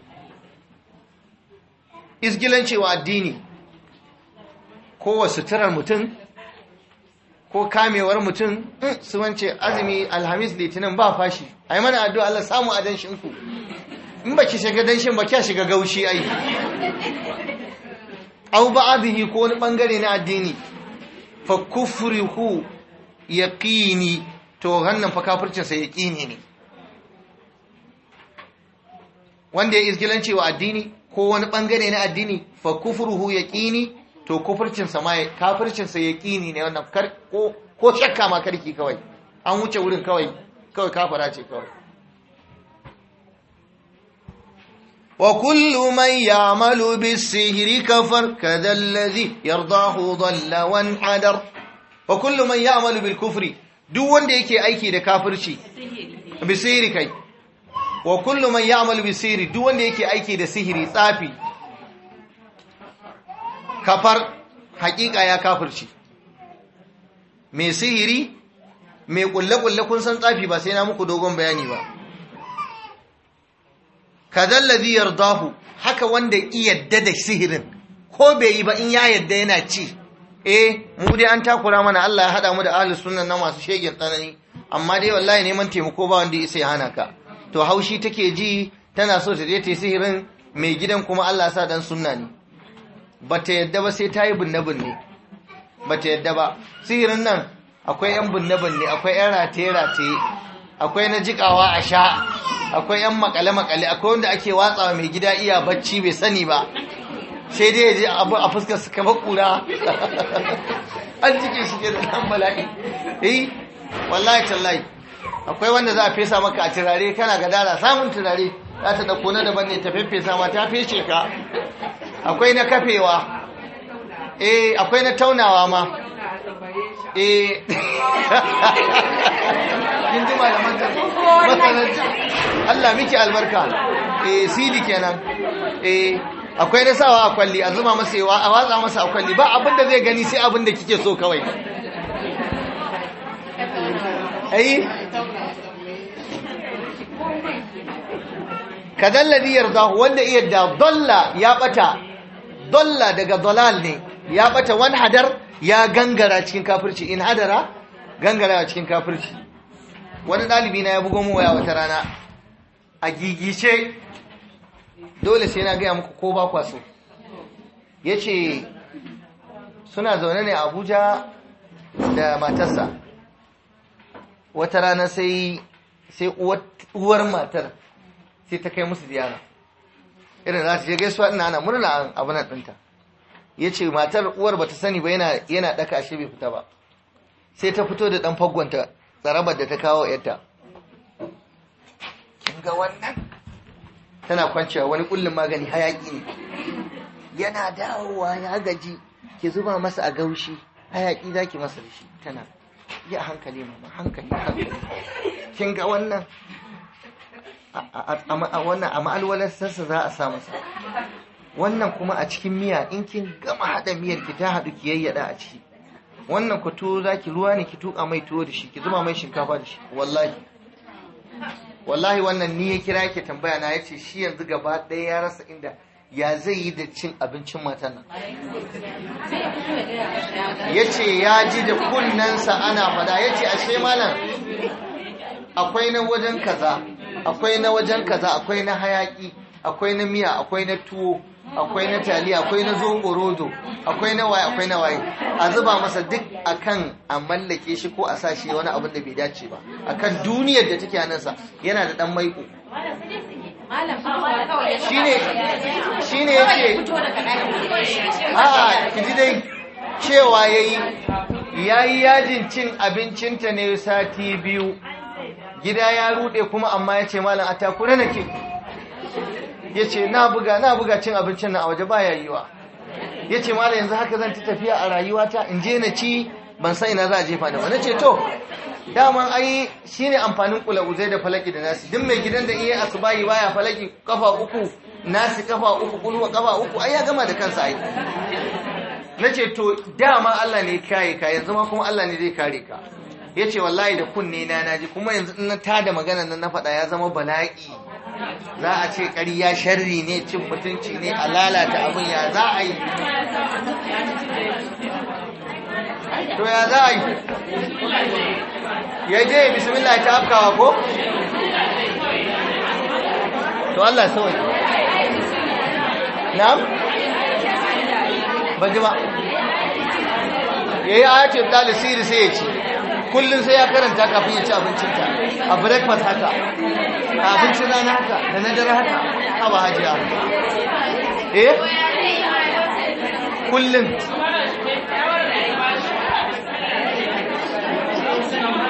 izgilancewa addini ko wa suturar mutum ko kamewar mutum mm, su wance azumi alhamis litinin ba fashi a yi mana addu'a Allah samu a danshinku in ba ki shiga danshin ba kya shiga gaushi ai au ba'adihi ko wani bangare na addini fa kufrihu yaqini to wannan fa kafircinsa ya yaqini ne wanda ya izgilanci wa addini ko wani bangare na addini fa ya yaqini to kufurcin sa ma kafircin sa yaqini ne wannan kar ko ko shakka ma karki kawai an wuce wurin kawai kawai kafara ce kawai وكل من يعمل بالسهر كفر كذا الذي يرضاه ضل وانحدر وكل من يعمل بالكفر duk wanda yake aiki da kafirci bisiri kai wa kullu man ya'mal bisiri duk wanda yake aiki da sihiri tsafi kafar hakika ya kafirci mai sihiri mai kulle-kulle kun san tsafi ba sai na muku dogon bayani ba kadalladhi yardahu haka wanda iya yadda da sihirin ko bai yi ba in ya yadda yana ci eh mu dai an takura mana Allah ya haɗa mu da ahli suna na masu shegen tsanani amma dai wallahi neman taimako ba wanda sai hana ka to haushi take ji tana so ta je ta sihirin mai gidan kuma Allah ya sa dan sunna ne bata yadda ba sai ta yi binne binne bata yadda ba sihirin nan akwai yan binne binne akwai yan rataye rataye akwai na jikawa a sha akwai yan makale makale akwai wanda ake watsawa mai gida iya bacci bai sani ba sai dai ya je abu a fuskar su kamar kura an cike shi ke da nan bala'i eh wallahi tallahi akwai wanda za a fesa maka a turare kana dara samun turare za ta dauko na daban ne ta fesa ma ta fece ka akwai na kafewa eh akwai na taunawa ma eh kin ji malaman ta Allah miki albarka eh sidi kenan eh akwai na sawa a kwalli a zuma masa yawa a watsa masa a kwalli ba abin zai gani sai abin da kike so kawai ayi kadalladi yarda wanda iya da dalla ya bata dalla daga dalal ne ya bata wani hadar ya gangara cikin kafirci in hadara gangara cikin kafirci wani ɗalibi na ya bugo mu waya wata rana a gigice dole sai na gaya muku ko ba kwa so ya ce suna zaune ne a abuja da matarsa wata rana sai uwar matar sai ta kai musu ziyara irin za su je gaisuwa ina ana murna abu na ɗinta ya ce matar uwar ba ta sani ba yana ɗaka ashe bai fita ba sai ta fito da ɗan fagwanta tsarabar da ta kawo yadda kin ga wannan tana kwanciya wani kullum magani hayaki ne yana dawowa ya gaji ki zuba masa a gaushi hayaki zaki masa da shi tana ya hankali mama hankali hankali kin ga wannan a wannan a ma'alwalar sassa za a sa masa wannan kuma a cikin miya in kin gama haɗa miyar ki ta haɗu ki yayyada a ciki wannan ku tuwo ki ruwa ne ki tuka mai tuwo da shi ki zuba mai shinkafa da shi wallahi wallahi wannan ni ya kira yake tambaya na yace shi yanzu gaba ɗaya ya rasa inda ya zai yi da cin abincin matan nan yace ya ji da kunnensa ana fada yace ashe malam akwai na wajen kaza akwai na wajen kaza akwai na hayaki akwai na miya akwai na tuwo mm. akwai na taliya akwai na rodo, akwai na waye akwai na waye a zuba masa duk akan a mallake shi ko a sa shi wani abin da bai dace ba akan duniyar da take hannunsa yana da dan maiko shine shine yace a kiji dai cewa yayi yayi yajin cin abincinta ne sati biyu gida ya rude kuma amma yace malam a takura nake ya ce na buga na buga cin abincin na a waje baya wa ya ce mala yanzu haka zan ta tafiya a rayuwata in je na ci ban sai na za a jefa da ba na ce to daman ai shi ne amfanin kula uzai da falaki da nasi duk mai gidan da iya bayi baya falaki kafa uku nasi kafa uku kulwa kafa uku ai ya gama da kansa ai na ce to dama Allah ne kare ka yanzu ma kuma Allah ne zai kare ka ya ce wallahi da kunne na naji kuma yanzu in na tada magana nan na faɗa ya zama bala'i za a ce ƙarya sharri ne cin mutunci ne a lalata abin ya za a yi to ya za a yi ya je bismillah ta afkawa ko to Allah sawai na'am ban ji ba yayi ayatul talisi sai ya ce kullum sai ya karanta kafin ya ci abincinta a breakfast haka a abincin rana haka da na dare haka a hajiya eh kullum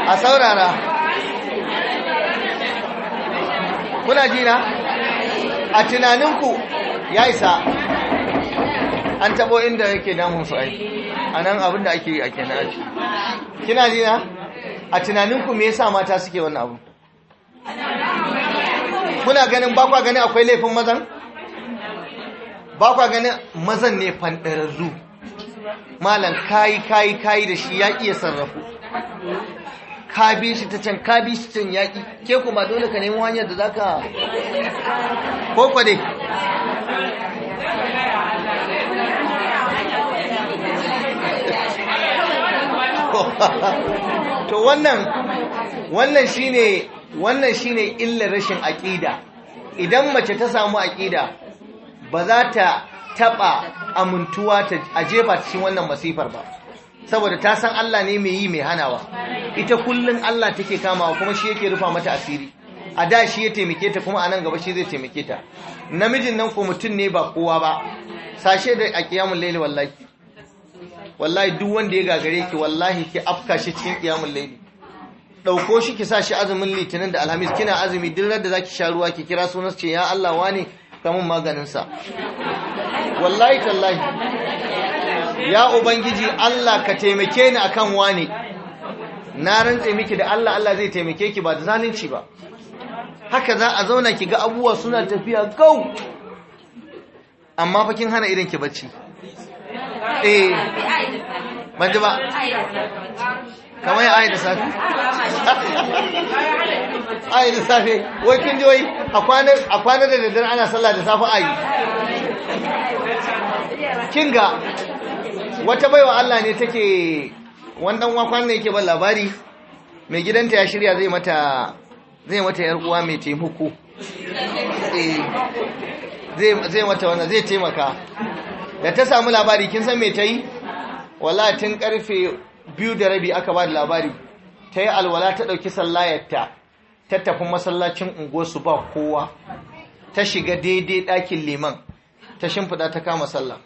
a saurara kuna jina a tunaninku ya isa an tabo inda yake damun su aiki a nan abin da ake yi a kenan aiki kina ji na a tunaninku me yasa mata suke wannan abu kuna ganin ba kwa ganin akwai laifin mazan ba kwa ganin mazan ne fandararru malam kayi kayi kayi da shi ya iya sarrafu ka bi shi ta can ka bi shi can yaƙi ke kuma dole ka nemi hanyar da za ka ko to wannan wannan shine wannan shine illar rashin aƙida idan mace ta samu aƙida ba za ta taɓa amintuwa ta jefa ba cikin wannan masifar ba saboda ta san Allah ne mai yi mai hanawa ita kullun Allah take kamawa kuma shi yake rufa mata asiri a da shi ya taimake ta kuma a nan gaba shi zai taimake ta namijin nan ko mutum ne ba kowa ba sashe da a kiyamun laili wallahi wallahi duk wanda ya gagare ki wallahi ki afka shi cikin kiyamun laili dauko shi ki sa shi azumin litinin da alhamis kina azumi duk da zaki sha ruwa ki kira sunan ce ya Allah wani kamun maganin sa wallahi tallahi ya ubangiji Allah ka taimake ni akan wani na rantse miki da Allah Allah zai taimake ki ba da zalunci ba haka za a zauna ki ga abubuwa suna tafiya gau amma fa kin hana idan ki bacci eh ban ba kamar ya aida safi ayyada safi wai kin ji wai a kwanar da daddare ana sallah da safi ayi kin ga wata baiwa Allah ne take wannan wakwan ne yake ba labari mai gidanta ya shirya zai mata zai mata yar uwa mai taimako eh, zai mata wannan zai taimaka da ta samu labari kin san me ta yi wala tun karfe biyu da rabi aka ba da labari ta yi alwala ta ɗauki sallayarta ta tafi masallacin unguwarsu ba kowa ta shiga daidai dakin liman ta shimfida ta kama sallah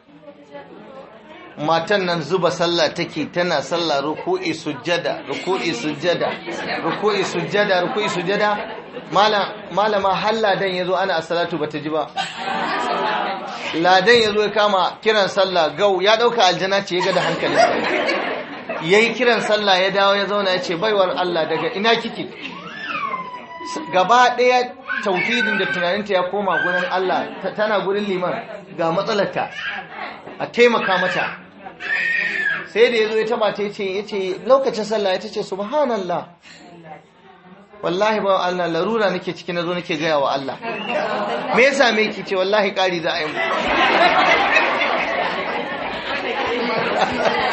matan nan zuba sallah take tana sallah ruku'i sujjada ruku'i sujjada ruku'i sujjada ruku'i sujjada malama har ladan yazo ana salatu bata ji ba ladan yazo ya kama kiran sallah gau ya dauka aljana ce ya ga da hankali yayi kiran sallah ya dawo ya zauna ya ce baiwar Allah daga ina kike gaba daya tauhidin da ta ya koma gurin Allah tana gurin liman ga matsalarta a taimaka mata sai da ya zo ya taba ta ce ya ce lokacin sallah ya ce subhanallah wallahi ba Allah larura nake ciki na zo nake gaya wa Allah me ya same ki ce wallahi ƙari za a yi mu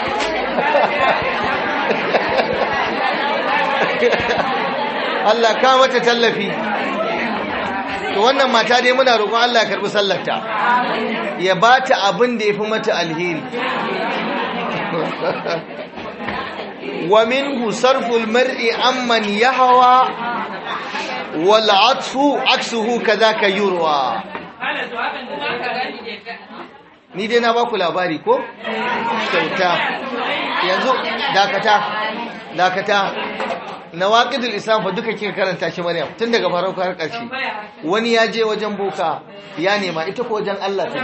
Allah ka mata tallafi to wannan mata dai muna roƙon Allah ya karbi sallarta ya ba ta abin da ya fi mata alheri wa minhu sarful mar'i amman yahwa wal atfu aksuhu kadhaka yurwa ni dai na ba ku labari ko kyauta yanzu dakata dakata na waƙidul islam fa duka kika karanta shi maryam tun daga farko har ƙarshe wani ya je wajen boka ya nema ita ko wajen Allah ta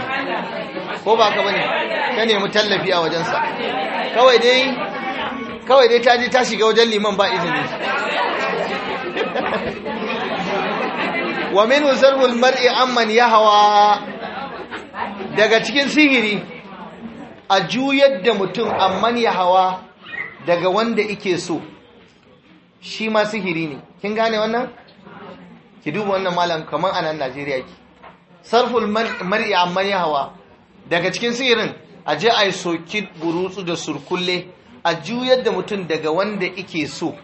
ko ba ka bane ta nemi tallafi a wajensa kawai dai kawai dai ta je ta shiga wajen liman ba izini wa min zarwul mar'i amman yahwa daga cikin sihiri a juyar da mutum amman ya hawa daga wanda ike so shi ma sihiri ne kin gane wannan ki duba wannan malam kamar anan Najeriya ki sarful mar'i amman ya hawa daga cikin sihirin a je a yi soki burutsu da surkulle a juyar da mutum daga wanda ike so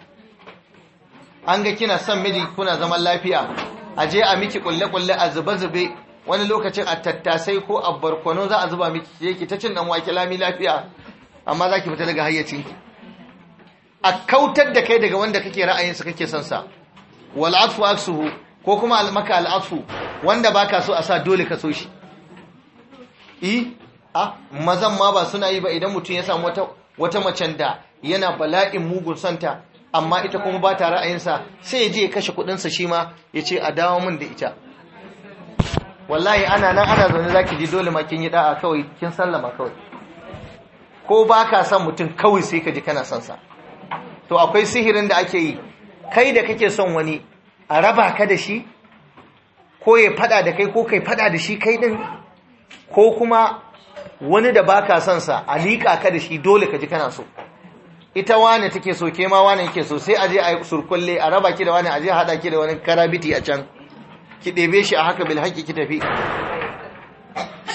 an ga kina son miji kuna zaman lafiya a je a miki kulle-kulle a zube-zube wani lokacin a tattasai ko a barkwano za a zuba miki yake ta cin dan wake lami lafiya amma za ki fita daga hayyacin ki a kautar da kai daga wanda kake ra'ayinsa kake son sa wal afu aksuhu ko kuma almaka al afu wanda baka so a sa dole ka so shi i a mazan ma ba suna yi ba idan mutum ya samu wata wata macen da yana bala'in mugun santa amma ita kuma ba ta ra'ayinsa sai ya je ya kashe sa shi ma ya ce a dawo min da ita wallahi ana nan ana zaune zaki ji dole ma kin yi da'a kawai kin sallama kawai ko ba ka son mutum kawai sai ka ji kana son sa to akwai sihirin da ake yi kai da kake son wani a raba ka da shi ko ya fada da kai ko kai fada da shi kai din ko kuma wani da ba ka son sa a liƙa ka da shi dole ka ji kana so ita wani take so ke ma wani yake so sai a je a surkulle a raba ki da wani je a hada ki da wani karabiti a can ki ɗebe shi a haka bil haƙi ki tafi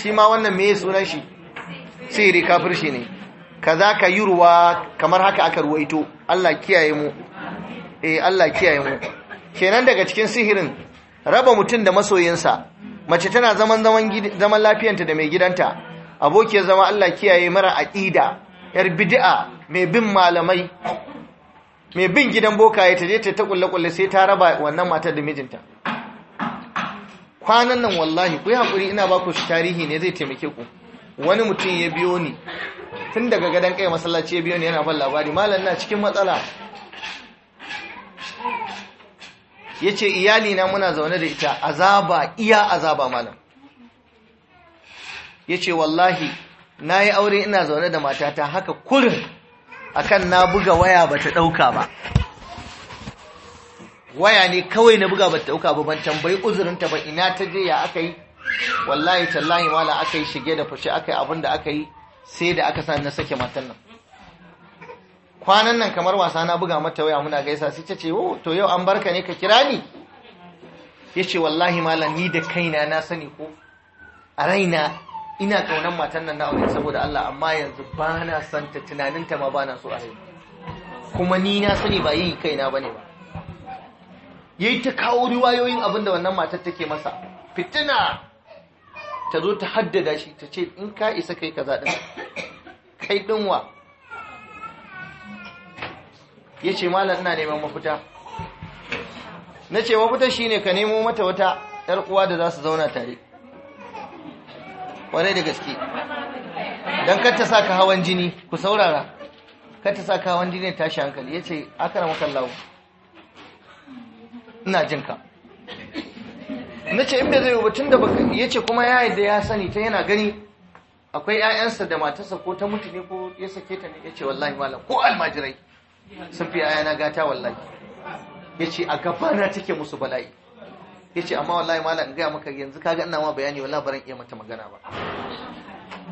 shi ma wannan me sunan shi sihiri kafir shi ne kaza ka yi ruwa kamar haka aka ruwaito Allah kiyaye mu eh Allah kiyaye mu kenan daga cikin sihirin raba mutum da masoyinsa mace tana zaman zaman zaman lafiyanta da mai gidanta abokiyar zama Allah kiyaye mara aqida yar bid'a mai bin malamai mai bin gidan bokaye ta je ta ta ƙulle sai ta raba wannan matar da mijinta kwanan nan wallahi ku yi haƙuri ina ba ku shi tarihi ne zai taimake ku wani mutum ya biyo ni tun daga gadon kai masallaci ya biyo ni yana ban labari malam na cikin matsala ya ce iyali muna zaune da ita azaba iya azaba malam ya ce wallahi na yi aure ina zaune da matata haka kurin akan na buga waya ba ta ɗauka ba waya ne kawai na buga bata ɗauka ba ban tambayi ta ba ina ta je ya aka yi wallahi tallahi mala aka yi shige da fushi aka yi abin da aka yi sai da aka sani na sake matan nan kwanan nan kamar wasa na buga mata waya muna gaisa sai ta ce oh to yau an barka ne ka kira ni yace wallahi mala ni da kaina na sani ko a raina ina kaunan matan nan na aure saboda Allah amma yanzu ba na tunanin ta ma ba na so a raina kuma ni na sani ba yi kaina bane ba yayi ta kawo riwayoyin abin da wannan matar take masa fitina ta zo ta haddada shi ta ce in ka isa kai kaza din kai dinwa yace mallan ina neman mafita nace mafita shine ka nemo mata wata yar uwa da za su zauna tare kwarai da gaske dan kar ta saka hawan jini ku saurara kar ta saka hawan jini tashi hankali yace akara makallawo ina jin ka na ce in zai batun da ya ce kuma ya yi da ya sani ta yana gani akwai 'ya'yansa da matarsa ko ta mutu ne ko ya sake ta ne ya ce wallahi malam ko almajirai sun fi 'ya'yana gata wallahi ya ce a gabana take musu bala'i ya ce amma wallahi malam in gaya maka yanzu kaga ina ma bayani wallahi barin iya mata magana ba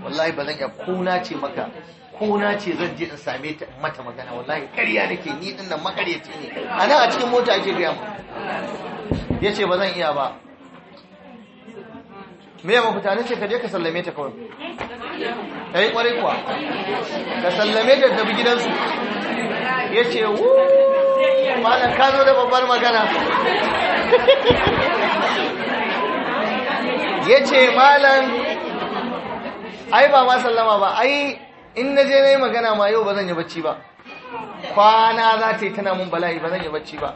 wallahi ba iya kuna ce maka kona ce zan je in same ta mata magana wallahi ƙarya nake ni din nan makaryaci ne a nan a cikin mota ake gaya mu ya ce ba zan iya ba me ya mafuta ne ce ka je ka sallame ta kawai ta eh, yi ƙwarai kuwa ka sallame ta tafi gidansu ya ce wuuu malam ka zo da babbar magana ya ce malam ai ba ma sallama ba ai in na je na yi magana ma yau ba zan yi bacci ba kwana za ta yi tana mun bala'i ba zan yi bacci ba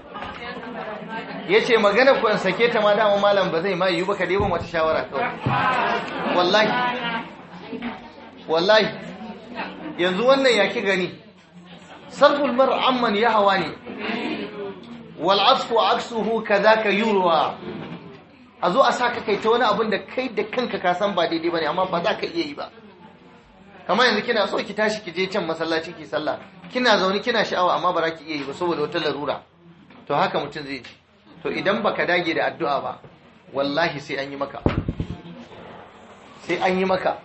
ya ce magana ku in sake ta ma damar malam ba zai ma yiwu ba ka ɗebo wata shawara kawai wallahi wallahi yanzu wannan ya ki gani sarful mar amman ya hawa ne wal asfu aksuhu kadaka yurwa a zo a sa ka kai ta wani abin da kai da kanka ka san ba daidai ba ne amma ba za ka iya yi ba kamar yanzu kina so ki tashi ki je can masallaci ki sallah kina zaune kina sha'awa amma bara ki iya yi ba saboda wata larura to haka mutum zai ji to idan baka dage da addu'a ba wallahi sai an yi maka sai an yi maka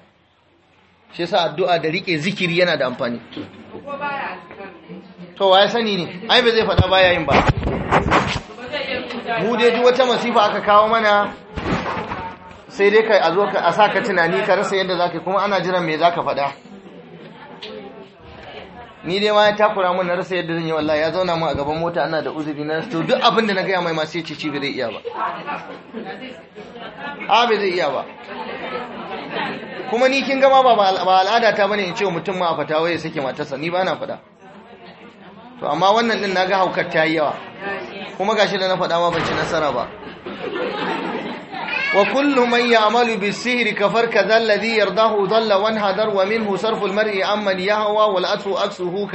shi yasa addu'a da rike zikiri yana da amfani to ya sani ne ai ba zai faɗa baya yin ba mu dai duk wata masifa aka kawo mana sai dai ka a zo ka sa ka tunani ka rasa yadda za ka kuma ana jiran me za ka faɗa ni dai ma ya takura mun na rasa yadda zan yi wallahi ya zauna mun a gaban mota ana da uzuri na to duk abin da na gaya mai ma sai ci bai iya ba a bai zai iya ba kuma ni kin gama ba ba al'ada ta bane in ce mutum ma a fata ya sake matarsa ni ba na faɗa to amma wannan din naga haukar ta yi yawa kuma gashi da na faɗa ma ban ci nasara ba وكل من يعمل بالسهر كفر كذا الذي يرضاه ضل وانهدر ومنه صرف المرء عمن يهوى والأس أكسه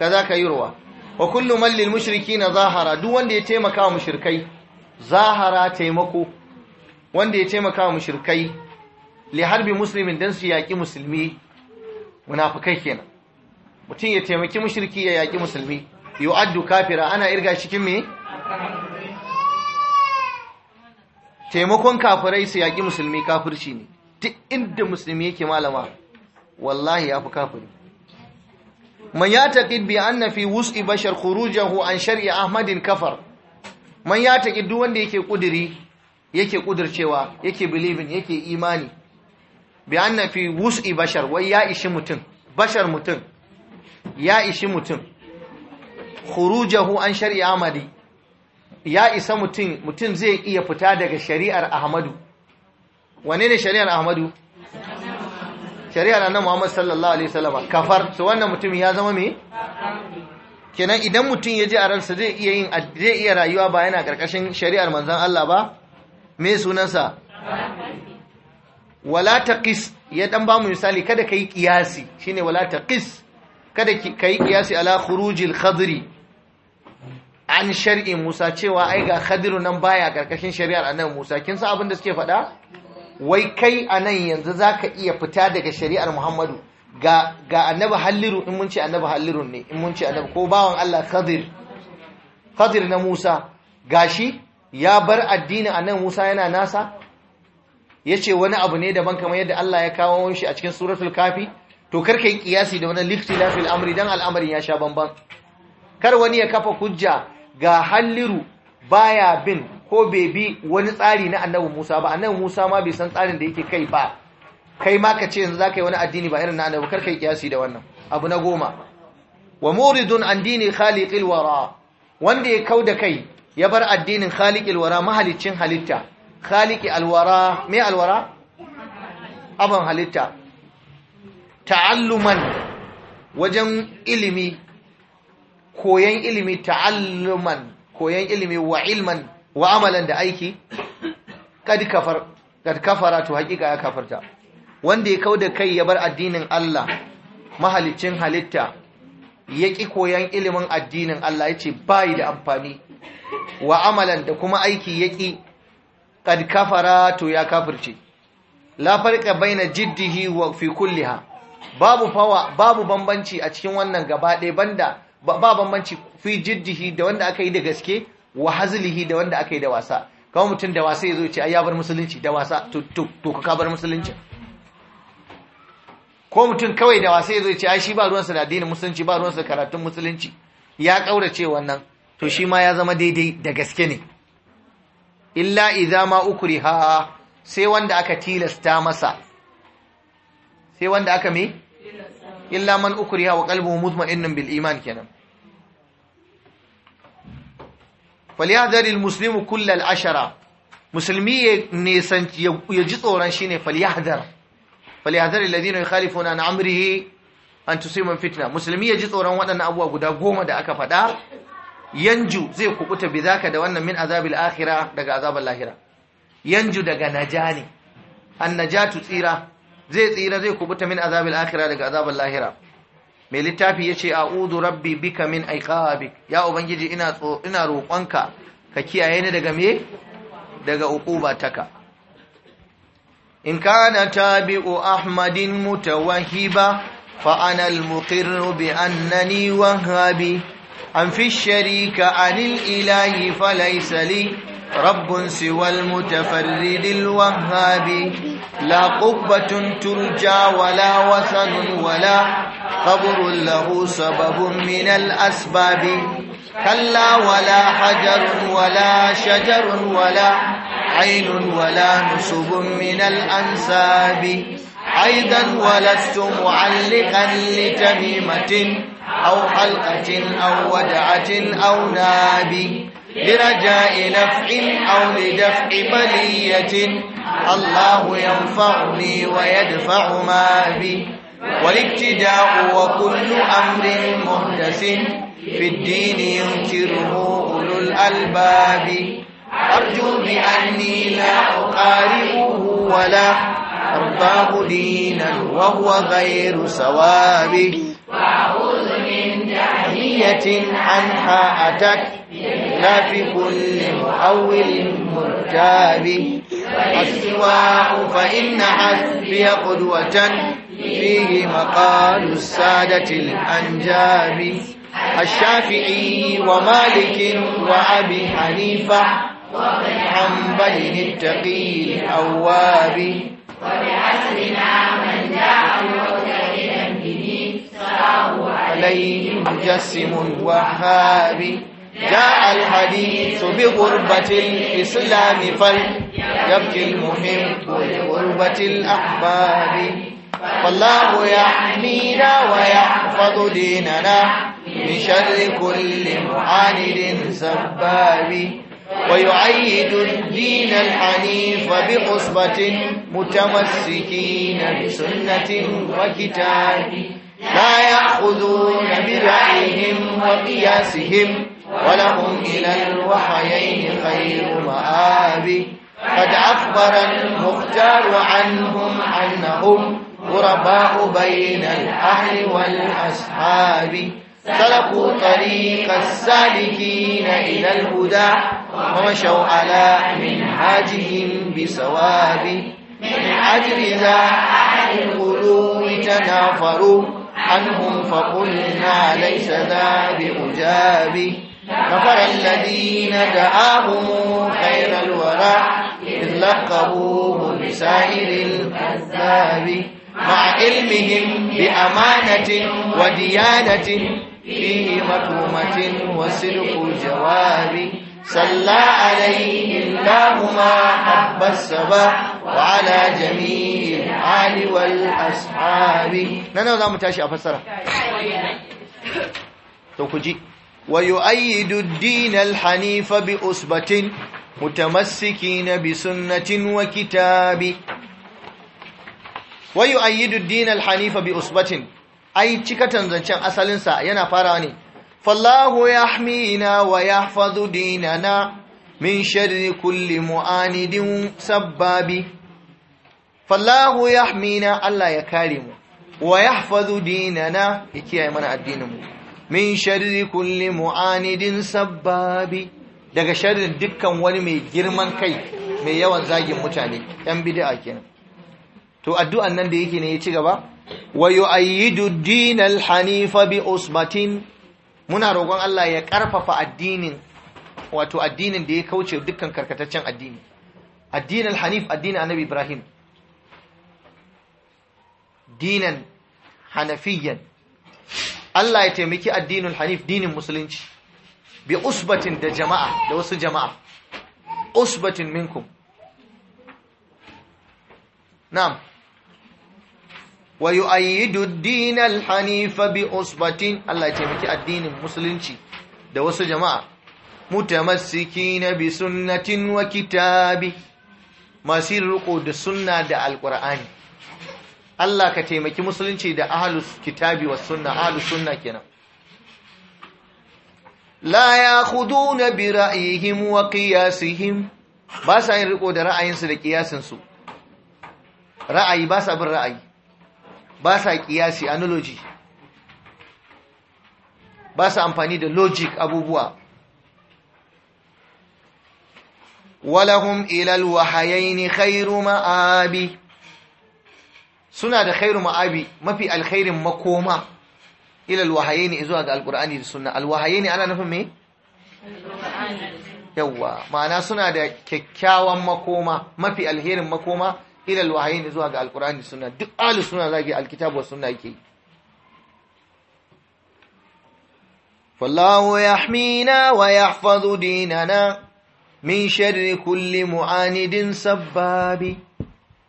كذاك يروى وكل من للمشركين ظاهرة دو wanda ya taimaka mushrikai zahara taimako wanda ya taimaka mushrikai li harbi muslimin dan su yaki musulmi munafikai kenan mutum ya taimaki mushriki ya yaki musulmi yu'addu kafira ana irga cikin me taimakon kafirai su yaƙi musulmi kafirci ne duk inda musulmi yake malama wallahi ya fi kafiri man ya taƙi bi na fi wus'i bashar hu, an shari'a ahmadin kafar man ya taƙi duk wanda yake ƙudiri yake ƙudircewa yake bilibin yake imani bi na fi wus'i bashar wai ya ishi mutum bashar mutum ya ishi mutum hu, an shari'a ahmadin ya isa mutum mutum zai iya fita daga shari'ar ahmadu wane ne shari'ar ahmadu shari'ar annan muhammad sallallahu alaihi wasallam kafar to wannan mutum ya zama me kenan idan mutum ya ji a ransa zai iya yin zai iya rayuwa ba yana karkashin shari'ar manzan Allah ba me sunansa wala taqis ya dan ba mu misali kada kai kiyasi shine wala taqis kada kai kiyasi ala khurujil khadri an shari'in Musa cewa ai ga Khadiru nan baya karkashin shari'ar nan Musa kin san abin da suke faɗa wai kai anan yanzu zaka iya fita daga shari'ar Muhammadu ga ga annabi Halliru in mun ce annabi Halliru ne in mun ce annabi ko bawan Allah Khadir na Musa Ga shi ya bar addinin nan Musa yana nasa Ya ce wani abu ne daban kamar yadda Allah ya kawo shi a cikin suratul kafi to karka yi kiyasi da wani liftilafil amri dan al'amarin ya sha bamban kar wani ya kafa hujja ga halliru baya bin ko bai bi wani tsari na annabi Musa ba annabi Musa ma bai san tsarin da yake kai ba kai ma ka ce yanzu ka yi wani addini ba irin na annabi kar kai kiyasi da wannan abu na goma wa muridun an dini khaliqil wara wanda ya kauda kai ya bar addinin khaliqil wara mahaliccin halitta khaliqi alwara me alwara aban halitta ta'alluman wajen ilimi koyan ilimi ta'alluman koyan ilimi wa ilman wa amalan da aiki kad kafar kad kafara to hakika ya kafarta wanda ya kauda kai ya bar addinin Allah mahalicin halitta ya koyan ilimin addinin Allah yace bai da amfani wa amalan da kuma aiki ya kad kafara to ya kafirce la farqa baina jiddihi wa fi kulliha babu fawa babu bambanci a cikin wannan gaba ɗaya banda ba bambanci fi jiddihi da wanda aka yi da gaske wa hazlihi da wanda aka yi da wasa kawai mutum da wasa ya zo ce ai ya bar musulunci da wasa to ka bar musulunci ko mutum kawai da wasa ya zo ce ai shi ba ruwansa da addinin musulunci ba ruwansa karatun musulunci ya kaurace wannan to shi ma ya zama daidai da gaske ne illa idza ma ukriha sai wanda aka tilasta masa sai wanda aka me illa man ukriha wa qalbuhu mutma'innun bil iman kenan falyahdhar al muslimu kull ashara musulmi ya nisanci ya ji tsoron shine falyahdhar falyahdhar alladhina yukhalifuna an amrihi an tusibum fitna musulmi ya ji tsoron waɗannan abubuwa guda goma da aka faɗa yanju zai kubuta bizaka da wannan min azabil akhirah daga azabar lahira yanju daga najani an najatu tsira zai tsira zai kubuta min azabin akhirah daga azabin lahira mai littafi ya yace a'udhu rabbi bika min iqabik ya ubangiji ina ina roƙonka ka kiyaye ni daga me daga uquba taka in kana tabi'u ahmadin mutawahhiba fa ana al bi annani an fi sharika anil ilahi falaisali رب سوى المتفرد الوهاب لا قبة ترجى ولا وثن ولا قبر له سبب من الأسباب كلا ولا حجر ولا شجر ولا عين ولا نسب من الأنساب أيضا ولست معلقا لتميمة أو حلقة أو ودعة أو ناب برجاء نفع أو لدفع بلية الله ينفعني ويدفع ما بي والابتداء وكل أمر محدث في الدين ينكره أولو الألباب أرجو بأني لا أقاربه ولا أرضاه دينا وهو غير سواب وأعوذ من داهية عنها أتت في كل محول مرتاب السواه فإن حسبي قدوة فيه مقال السادة الأنجاب الشافعي ومالك وأبي حنيفة وابن حنبل التقي الأواب وبعصرنا من جاء معتقدا به صلاه عليه مجسم وهابي جاء الحديث بغربة الإسلام فليبكي المحب لغربة الأحباب فالله يحمينا ويحفظ ديننا من شر كل معاند سباب ويعيد الدين الحنيف بقصبة متمسكين بسنة وكتاب لا يأخذون برأيهم وقياسهم ولهم إلى الوحيين خير مآب قد أخبر المختار عنهم أنهم غرباء بين الأهل والأصحاب سلكوا طريق السالكين إلى الهدى ومشوا على منهاجهم بصواب من أجل ذا أهل القلوب تنافروا عنهم فقلنا ليس ذا بأجاب غفر الذين دعاهم خير الورى إذ لقبوه بسائر الكذاب مع علمهم بأمانة وديانة فيه مكرمة وسلك الجواب صلى عليه الله ما حب السبا وعلى جميع الآل والأصحاب نانا ذا متاشي أفسره تو كجي Wai yu ai yi dudinal Hanifa Usbatin, mutamasiki na bi sunanet wakita bi. Wai yu ai yi dudinal Hanifa bin Usbatin, ai cika da can asalinsa yana fara ne Fallahu ya hamina waya faɗu diina na, min shirin kulli mu'anidin sababi. Fallahu ya Allah ya kare mu, waya faɗu diina na ya kiyai mana addinin mu. min shari kulli mu'anidin sabbabi daga sharrin dukkan wani mai girman kai mai yawan zagin mutane yan bid'a kenan to addu'an nan da yake ne ya ci gaba wa yu'ayyidu dinal hanifa bi usmatin muna roƙon Allah ya ƙarfafa addinin wato addinin da ya kauce dukkan karkataccen addini addinin hanif addinin annabi ibrahim dinan hanafiyyan Allah ya taimaki addinin hanif dinin musulunci bi usbatin da jama'a da wasu jama'a usbatin minkum na'am wa yu'ayyidu ad-din al-hanifa bi usbatin Allah ya taimaki addinin musulunci da wasu jama'a mutamassikina bi sunnatin wa kitabi masu riko da sunna da alqur'ani Allah ka taimaki musulunci da ahlus kitabi was sunna ahlus sunna kenan la yakhuduna bi ra'yihim wa qiyasihim ba sa yin riko da ra'ayinsu da kiyasinsu ra'ayi ba sa bin ra'ayi ba sa kiyasi analogy ba sa amfani da logic abubuwa walahum ilal wahayaini khairu ma'abi suna da khairu ma'abi mafi alkhairin makoma ilal wahaye zuwa ga alkur'ani da sunna alwahaye ana nufin me yawwa ma'ana suna da kyakkyawan makoma mafi alherin makoma ilal wahaye zuwa ga alkur'ani da sunna duk alu suna zagi alkitabu wa sunna yake فالله يحمينا ويحفظ ديننا من شر كل معاند سباب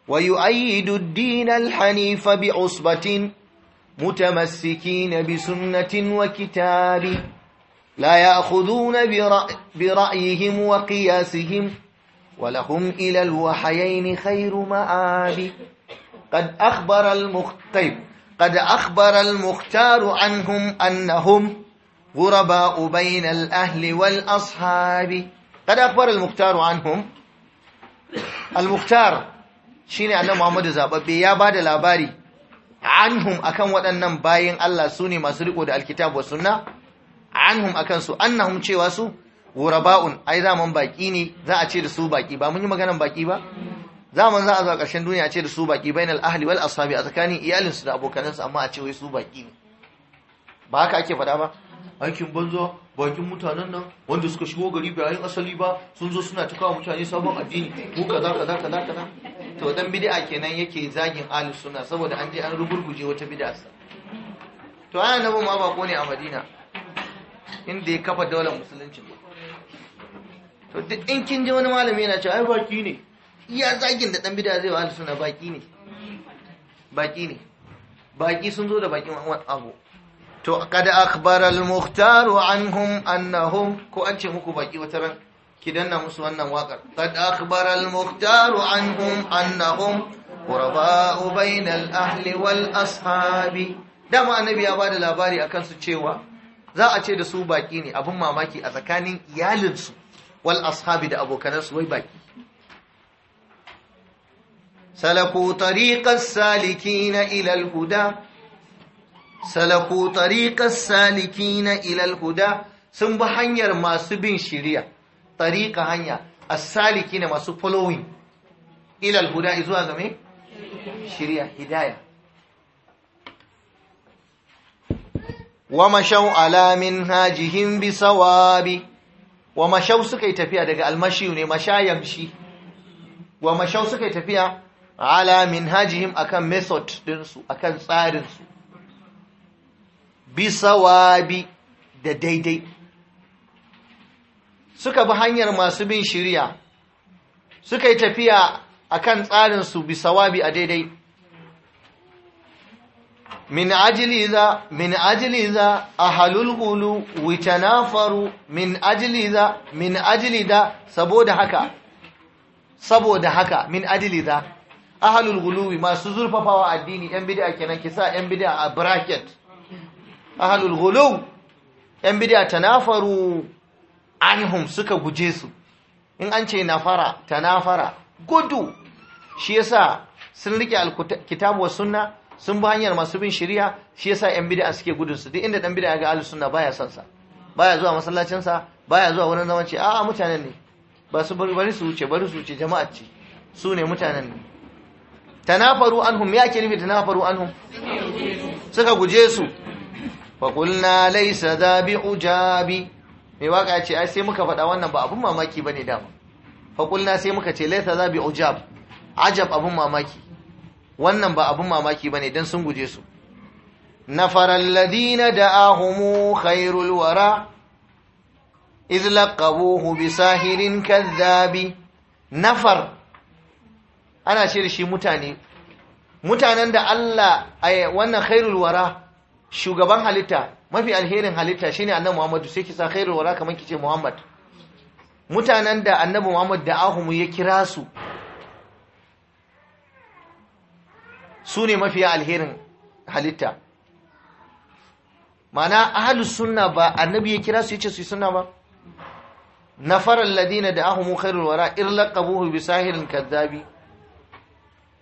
ويؤيد الدين الحنيف بعصبة متمسكين بسنة وكتاب لا يأخذون برأيهم وقياسهم ولهم إلى الوحيين خير مآب قد أخبر المختيب قد أخبر المختار عنهم أنهم غرباء بين الأهل والأصحاب قد أخبر المختار عنهم المختار Shi ne annabi Muhammadu zaɓaɓɓe ya ba da labari anhum akan waɗannan bayan Allah sune masu riko da alkitab wa sunna anhum akan su annahum cewa su guraba'un ai zaman baƙi ne za a ce da su baƙi ba mun yi maganan baƙi ba zaman za a zo ƙarshen duniya a ce da su baƙi bainal ahli wal ashabi a tsakanin iyalinsu da abokanansu amma a ce wai su baƙi ne ba haka ake faɗa ba aikin banza bakin mutanen nan wanda suka shigo gari bayan asali ba sun zo suna tuka wa mutane sabon addini mu kaza kaza kaza kaza to dan bid'a kenan yake zagin ahlus sunna saboda an je an rugurguje wata bid'a to ana nabi ma bako ne a Madina inda ya kafa daular musulunci to duk in kin ji wani malami yana cewa ai baki ne iya zagin da dan bid'a zai wa ahlus sunna baki ne baki ne baki sun zo da bakin abu تو kada akhbara al-mukhtar anhum annahum ko an ce muku baki wata ran ki danna musu wannan wakar kad akhbara al-mukhtar anhum annahum quraba'u bainal ahli wal ashabi dama annabi ya bada labari akan su cewa za a ce da su baki ne abun mamaki a tsakanin iyalinsu wal ashabi da abokanansu wai baki salaku tariqas salikina ila al-huda salaku saliki na ilal huda sun bi hanyar masu bin shiriya tariƙa hanya a saliki na masu following ilal huda izuwa ga me shiriya hidayah wa mashau hajihin bi sawabi wa mashau suka yi tafiya daga almashi ne mashayamshi wa mashau suka yi tafiya ala hajihin akan method dinsu akan tsarinsu bisawabi da daidai suka bi hanyar masu bin shirya suka yi tafiya kan tsarin su bisawabi a daidai min ajiliza min ajiliza ahalul hulu faru, min ajiliza min ajilida saboda haka saboda haka min ajiliza a huluwi masu zurfafawa addini yan a kenan kisa yan bid'a a bracket ahalul gulu yan bid'a tanafaru anhum suka guje su in an ce nafara tanafara gudu shi yasa sun rike alkitabu was sunna sun bi hanyar masu bin shari'a shi yasa yan bid'a suke gudun su duk inda dan bid'a ga ahlus sunna baya son sa baya zuwa masallacin sa baya zuwa wurin zaman ce a'a mutanen ne ba su bari su wuce bari su wuce jama'a ce su ne mutanen ne tanafaru anhum ya ke nufi tanafaru anhum suka guje su faƙulna laisa zaɓi ujabi mai waka ce ai sai muka faɗa wannan ba abin mamaki ba ne dama faƙulna sai muka ce laisa zaɓi ujab ajab abin mamaki wannan ba abin mamaki ba ne don sun guje su nafarar ladina da ahumu khairul wara iz laqabuhu bi sahirin kadhabi nafar ana ce mutane mutanen da Allah wannan khairul wara shugaban halitta mafi alherin halitta shine annabi Muhammadu sai ki sa khairul wara kaman kice Muhammad mutanen da annabi Muhammad da ahumu ya kira su su ne mafi alherin halitta mana ahlus sunna ba annabi ya kira su yace su sunna ba nafarar ladina da ahumu khairul wara irlaqabuhu bi sahirin kadhabi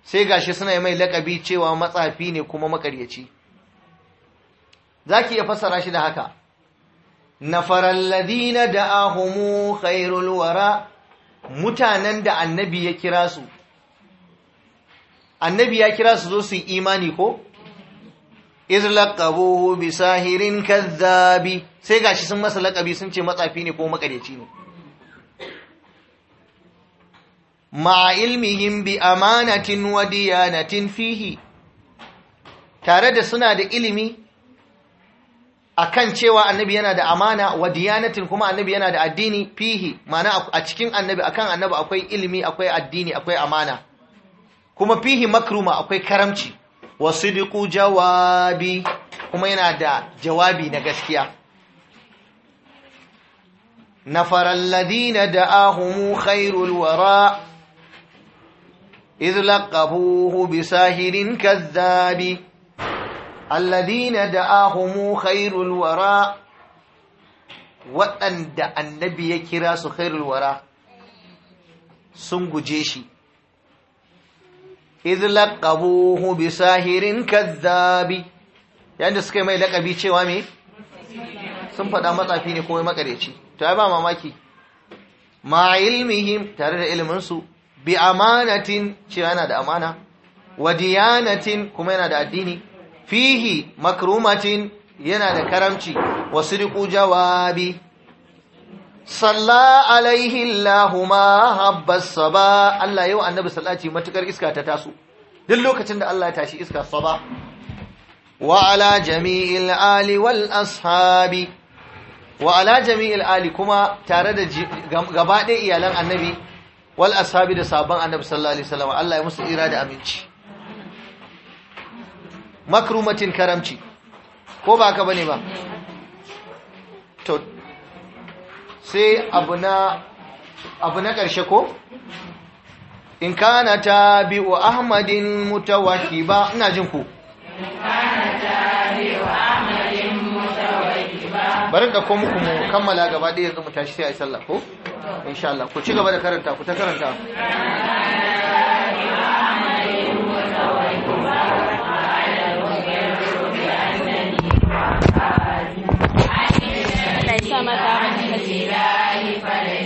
sai gashi suna mai lakabi cewa matsafi ne kuma makaryaci Za ki iya fassara shi da haka nafaral ladina da'ahumu khairul wara mutanen da annabi ya kira su annabi ya kira su zo su yi imani ko izlaqabuhu bi sahirin sai gashi sun masa laqabi sun ce matsafi ne ko makareci ne ma'a ilmihim bi amanatin wa diyanatin fihi tare da suna da ilimi akan cewa annabi yana da amana wa diyanatin kuma annabi yana da addini fihi ma'ana a cikin annabi akan annabi akwai ilimi akwai addini akwai amana kuma fihi makruma akwai karamci wa sidqu jawabi kuma yana da jawabi na gaskiya nafara alladhina da'ahum khairul wara idh laqabuhu bisahirin kadhabi alladina ahumu khairul wara waɗanda annabi ya kira su khairul wara sun guje shi idh laqabuhu bi sahirin kadhabi yanda suka mai laƙabi cewa me sun faɗa matsafi ne kuma makareci to ya ba mamaki ma ilmihim tare da ilminsu. bi amanatin cewa yana da amana wa diyanatin kuma yana da addini fihi makrumatin yana da karamci wa riƙu jawabi salla alaihi allahumma habbas saba Allah yau annabi sallati matukar iska ta taso duk lokacin da Allah ya tashi iska saba wa ala jami'il ali wal ashabi wa ala jami'il ali kuma tare da gaba ɗaya iyalan annabi wal ashabi da sabon annabi sallallahu alaihi wasallam Allah ya musu ira da aminci makrumatin karamci ko ba ka bane ba to sai abu na abu na ƙarshe ko in kana tabi'u ahmadin ba ina jin ku bari da ko muku mu kammala gaba ɗaya yanzu mu tashi sai a yi sallah ko insha Allah ku ci gaba da karanta ku ta karanta समतामहिम शिवाहि परे